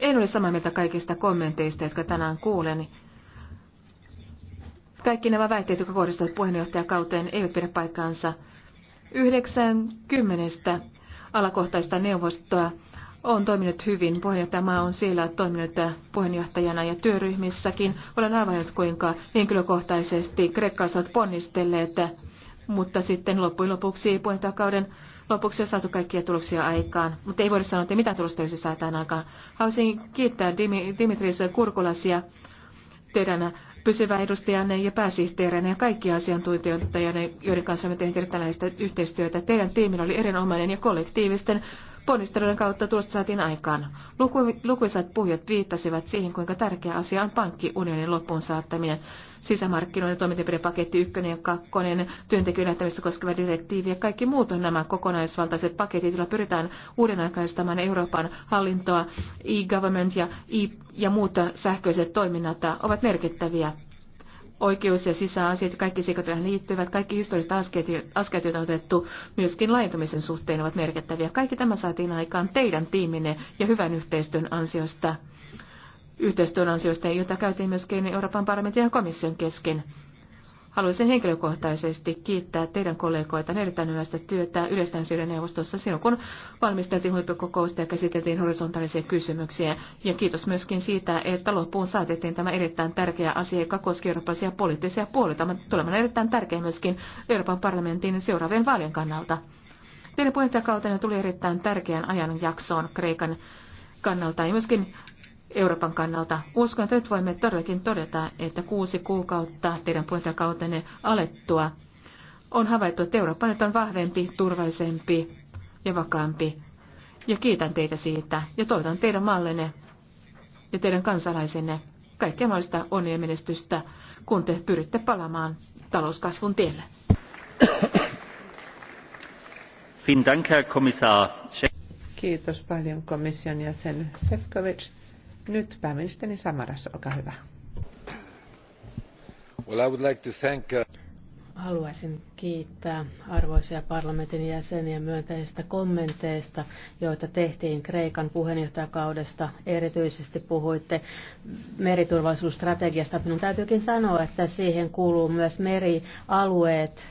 Speaker 2: En ole samaa mieltä kaikista kommenteista, jotka tänään kuulen. Kaikki nämä väitteet, jotka kohdistuvat puheenjohtajakauteen, eivät pidä paikkaansa. 90 alakohtaista neuvostoa on toiminut hyvin. Puheenjohtajamaa on siellä toiminut puheenjohtajana ja työryhmissäkin. Olen avannut, kuinka henkilökohtaisesti kreikkalaiset ovat ponnistelleet, mutta sitten loppujen lopuksi puheenjohtajakauden Lopuksi on saatu kaikkia tuloksia aikaan, mutta ei voida sanoa, että mitä tulosta olisi saataan aikaan. Haluaisin kiittää Dimitris Kurkulasia, teidän pysyvää edustajanne ja pääsihteerinne ja kaikkia asiantuntijoita, joiden kanssa me tehtiin tällaista yhteistyötä. Teidän tiimin oli erinomainen ja kollektiivisten Ponnistelujen kautta tulosta saatiin aikaan. Luku, lukuisat puhujat viittasivat siihen, kuinka tärkeä asia on pankkiunionin loppuun saattaminen. Sisämarkkinoiden toimintapidepaketti 1 ja 2, työntekijöiden lähtemistä koskeva direktiivi ja kaikki muut on nämä kokonaisvaltaiset paketit, joilla pyritään uudenaikaistamaan Euroopan hallintoa, e-government ja, e- ja muut sähköiset toiminnat ovat merkittäviä oikeus- ja sisäasiat ja kaikki sekä tähän liittyvät, kaikki historialliset askeet, joita on otettu myöskin laajentumisen suhteen ovat merkittäviä. Kaikki tämä saatiin aikaan teidän tiiminne ja hyvän yhteistyön ansiosta, yhteistyön ansiosta jota käytiin myöskin Euroopan parlamentin ja komission kesken. Haluaisin henkilökohtaisesti kiittää teidän kollegoita erittäin hyvästä työtä yleistään neuvostossa silloin, kun valmisteltiin huippukokousta ja käsiteltiin horisontaalisia kysymyksiä. Ja kiitos myöskin siitä, että loppuun saatettiin tämä erittäin tärkeä asia, joka koski eurooppalaisia poliittisia puolia. Tämä erittäin tärkeä myöskin Euroopan parlamentin seuraavien vaalien kannalta. Teidän puheenjohtajakautenne tuli erittäin tärkeän jaksoon Kreikan kannalta ja myöskin Euroopan kannalta. Uskon, että nyt voimme todellakin todeta, että kuusi kuukautta teidän puheenjohtajakautenne alettua on havaittu, että Eurooppa nyt on vahvempi, turvallisempi ja vakaampi. Ja kiitän teitä siitä ja toivotan teidän mallenne ja teidän kansalaisenne kaikkea maista onnea ja menestystä, kun te pyritte palaamaan talouskasvun tielle. Kiitos
Speaker 1: paljon komission jäsen Sefkovic. Nyt pääministeri Samaras, olkaa hyvä.
Speaker 2: Well, I would like to thank, uh...
Speaker 3: Haluaisin kiittää arvoisia parlamentin jäseniä myönteisistä kommenteista, joita tehtiin Kreikan puheenjohtajakaudesta. Erityisesti puhuitte meriturvallisuusstrategiasta. Minun täytyykin sanoa, että siihen kuuluu myös merialueet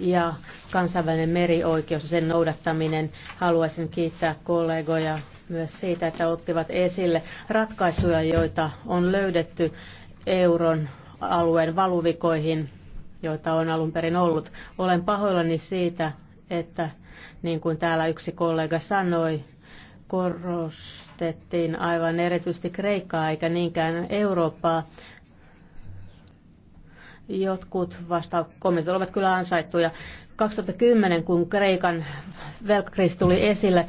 Speaker 3: ja kansainvälinen merioikeus ja sen noudattaminen. Haluaisin kiittää kollegoja myös siitä, että ottivat esille ratkaisuja, joita on löydetty euron alueen valuvikoihin, joita on alun perin ollut. Olen pahoillani siitä, että niin kuin täällä yksi kollega sanoi, korostettiin aivan erityisesti Kreikkaa eikä niinkään Eurooppaa. Jotkut vastakommentit ovat kyllä ansaittuja. 2010, kun Kreikan velkakriisi tuli esille,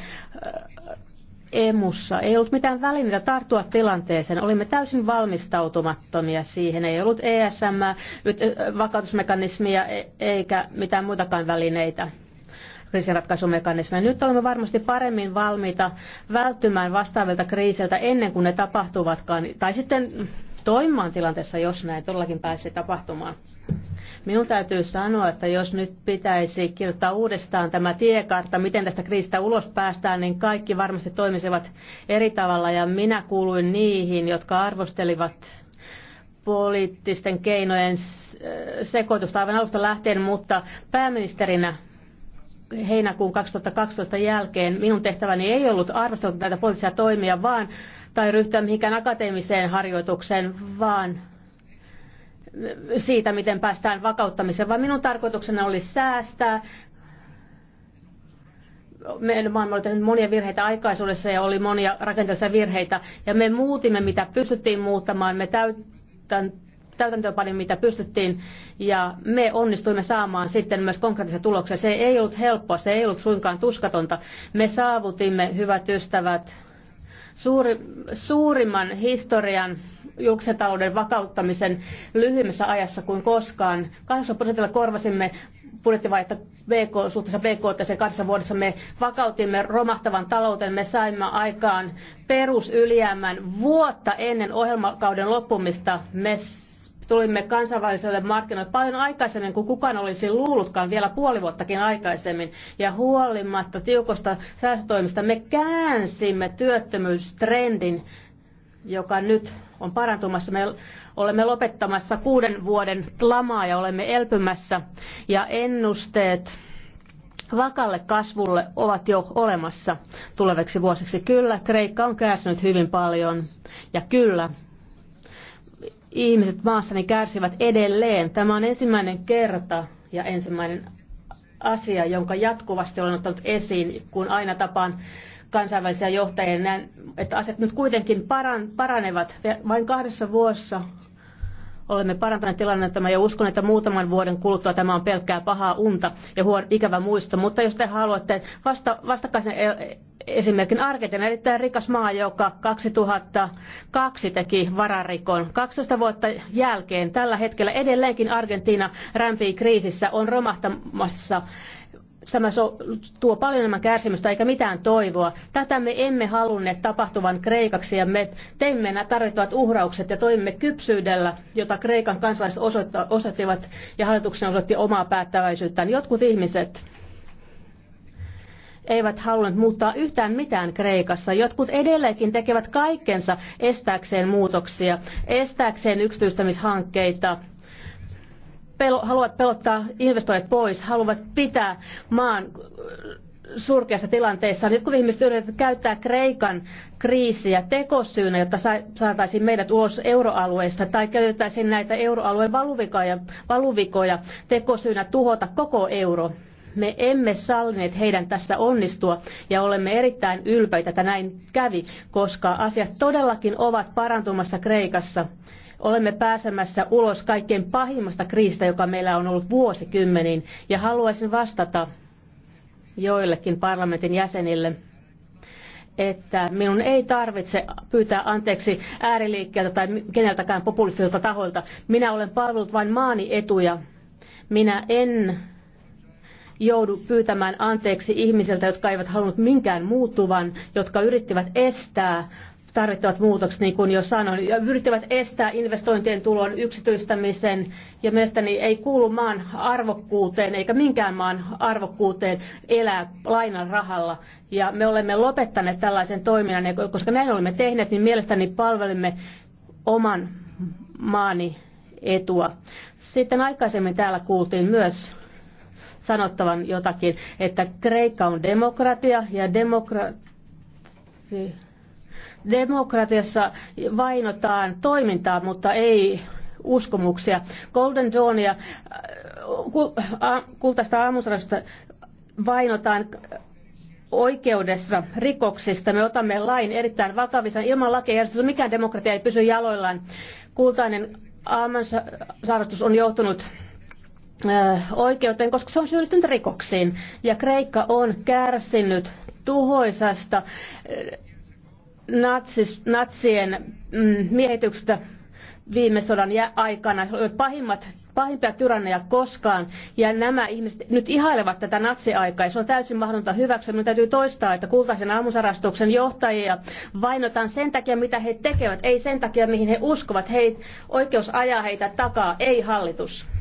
Speaker 3: emussa. Ei ollut mitään välineitä tarttua tilanteeseen. Olimme täysin valmistautumattomia siihen. Ei ollut ESM, vakautusmekanismia e- eikä mitään muitakaan välineitä kriisinratkaisumekanismeja. Nyt olemme varmasti paremmin valmiita välttymään vastaavilta kriiseiltä ennen kuin ne tapahtuvatkaan, tai sitten toimimaan tilanteessa, jos näin todellakin pääsee tapahtumaan. Minun täytyy sanoa, että jos nyt pitäisi kirjoittaa uudestaan tämä tiekartta, miten tästä kriisistä ulos päästään, niin kaikki varmasti toimisivat eri tavalla. Ja minä kuuluin niihin, jotka arvostelivat poliittisten keinojen äh, sekoitusta aivan alusta lähtien, mutta pääministerinä heinäkuun 2012 jälkeen minun tehtäväni ei ollut arvostella näitä poliittisia toimia, vaan tai ryhtyä mihinkään akateemiseen harjoitukseen, vaan siitä, miten päästään vakauttamiseen, vaan minun tarkoituksena oli säästää. Me maailma oli tehnyt monia virheitä aikaisuudessa ja oli monia rakenteellisia virheitä. Ja me muutimme, mitä pystyttiin muuttamaan. Me täytän, mitä pystyttiin. Ja me onnistuimme saamaan sitten myös konkreettisia tuloksia. Se ei ollut helppoa, se ei ollut suinkaan tuskatonta. Me saavutimme, hyvät ystävät, suuri, suurimman historian julkisen talouden vakauttamisen lyhyemmässä ajassa kuin koskaan. 8 prosentilla korvasimme budjettivaihto BK, suhteessa BKT sen kahdessa vuodessa. Me vakautimme romahtavan talouden, me saimme aikaan perusylijäämän vuotta ennen ohjelmakauden loppumista. Me tulimme kansainväliselle markkinoille paljon aikaisemmin kuin kukaan olisi luullutkaan, vielä puoli vuottakin aikaisemmin. Ja huolimatta tiukosta säästötoimista me käänsimme työttömyystrendin, joka nyt on parantumassa. Me olemme lopettamassa kuuden vuoden lamaa ja olemme elpymässä. Ja ennusteet vakalle kasvulle ovat jo olemassa tuleviksi vuosiksi. Kyllä, Kreikka on kärsinyt hyvin paljon ja kyllä, ihmiset maassani kärsivät edelleen. Tämä on ensimmäinen kerta ja ensimmäinen asia, jonka jatkuvasti olen ottanut esiin, kun aina tapaan kansainvälisiä johtajia, näin, että asiat nyt kuitenkin paran, paranevat. Vain kahdessa vuossa olemme parantaneet tilannetta ja uskon, että muutaman vuoden kuluttua tämä on pelkkää pahaa unta ja huon, ikävä muisto. Mutta jos te haluatte vasta, vastakkaisen esimerkin Argentina erittäin rikas maa, joka 2002 teki vararikon. 12 vuotta jälkeen tällä hetkellä edelleenkin Argentiina rämpii kriisissä, on romahtamassa tämä tuo paljon enemmän kärsimystä eikä mitään toivoa. Tätä me emme halunneet tapahtuvan Kreikaksi ja me teimme nämä tarvittavat uhraukset ja toimimme kypsyydellä, jota Kreikan kansalaiset osoittivat ja hallituksen osoitti omaa päättäväisyyttään. Jotkut ihmiset eivät halunneet muuttaa yhtään mitään Kreikassa. Jotkut edelleenkin tekevät kaikkensa estääkseen muutoksia, estääkseen yksityistämishankkeita, pelo, haluavat pelottaa investoijat pois, haluavat pitää maan surkeassa tilanteessa. Nyt kun ihmiset yrittävät käyttää Kreikan kriisiä tekosyynä, jotta saataisiin meidät ulos euroalueesta, tai käytettäisiin näitä euroalueen valuvikoja, valuvikoja tekosyynä tuhota koko euro, me emme sallineet heidän tässä onnistua ja olemme erittäin ylpeitä, että näin kävi, koska asiat todellakin ovat parantumassa Kreikassa. Olemme pääsemässä ulos kaikkein pahimmasta kriisistä, joka meillä on ollut vuosikymmeniin, ja haluaisin vastata joillekin parlamentin jäsenille että minun ei tarvitse pyytää anteeksi ääriliikkeeltä tai keneltäkään populistiselta taholta. Minä olen palvellut vain maani etuja. Minä en joudu pyytämään anteeksi ihmisiltä, jotka eivät halunnut minkään muuttuvan, jotka yrittivät estää tarvittavat muutokset, niin kuin jo sanoin, ja yrittävät estää investointien tulon yksityistämisen, ja mielestäni ei kuulu maan arvokkuuteen, eikä minkään maan arvokkuuteen elää lainan rahalla. Ja me olemme lopettaneet tällaisen toiminnan, ja koska näin olemme tehneet, niin mielestäni palvelimme oman maani etua. Sitten aikaisemmin täällä kuultiin myös sanottavan jotakin, että Kreikka on demokratia ja demokratia demokratiassa vainotaan toimintaa, mutta ei uskomuksia. Golden Dawnia, äh, kultaista aamusradosta vainotaan oikeudessa rikoksista. Me otamme lain erittäin vakavissa. Ilman lakijärjestelmää mikään demokratia ei pysy jaloillaan. Kultainen aamansaarastus on johtunut oikeuteen, koska se on syyllistynyt rikoksiin. Ja Kreikka on kärsinyt tuhoisasta natsis, natsien mm, miehityksestä viime sodan aikana. Pahimmat, pahimpia tyranneja koskaan. Ja nämä ihmiset nyt ihailevat tätä natsiaikaa. Ja se on täysin mahdotonta hyväksyä. Minun täytyy toistaa, että kultaisen aamusarastuksen johtajia vainotaan sen takia, mitä he tekevät. Ei sen takia, mihin he uskovat. He, oikeus ajaa heitä takaa, ei hallitus.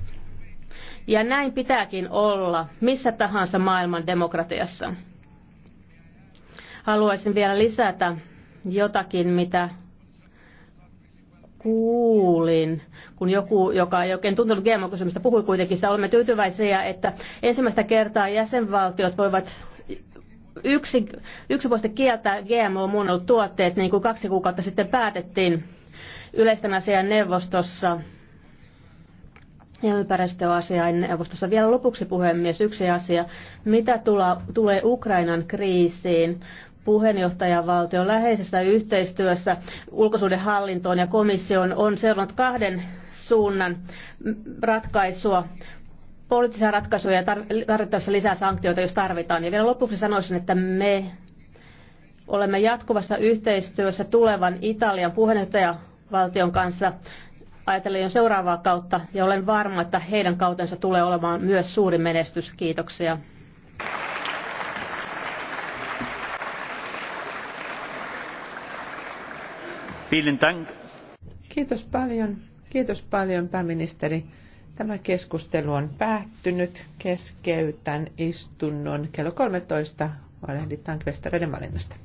Speaker 3: Ja näin pitääkin olla missä tahansa maailman demokratiassa. Haluaisin vielä lisätä jotakin, mitä kuulin, kun joku, joka ei oikein tuntenut GMO-kysymystä, puhui kuitenkin, että olemme tyytyväisiä, että ensimmäistä kertaa jäsenvaltiot voivat yksi, yksipuolisesti kieltää GMO-muunnellut tuotteet, niin kuin kaksi kuukautta sitten päätettiin yleisten asian neuvostossa ja ympäristöasiain neuvostossa. Vielä lopuksi puhemies yksi asia. Mitä tula, tulee Ukrainan kriisiin? puheenjohtajavaltion läheisessä yhteistyössä ulkosuudenhallintoon ja komission on seurannut kahden suunnan ratkaisua poliittisia ratkaisuja ja tarvittaessa lisää sanktioita, jos tarvitaan. Ja vielä lopuksi sanoisin, että me olemme jatkuvassa yhteistyössä tulevan Italian puheenjohtajavaltion kanssa ajatellen jo seuraavaa kautta ja olen varma, että heidän kautensa tulee olemaan myös suuri menestys. Kiitoksia. Kiitos paljon.
Speaker 1: Kiitos paljon pääministeri. Tämä keskustelu on päättynyt. Keskeytän istunnon kello 13. Huolehditaan kvestareiden valinnasta.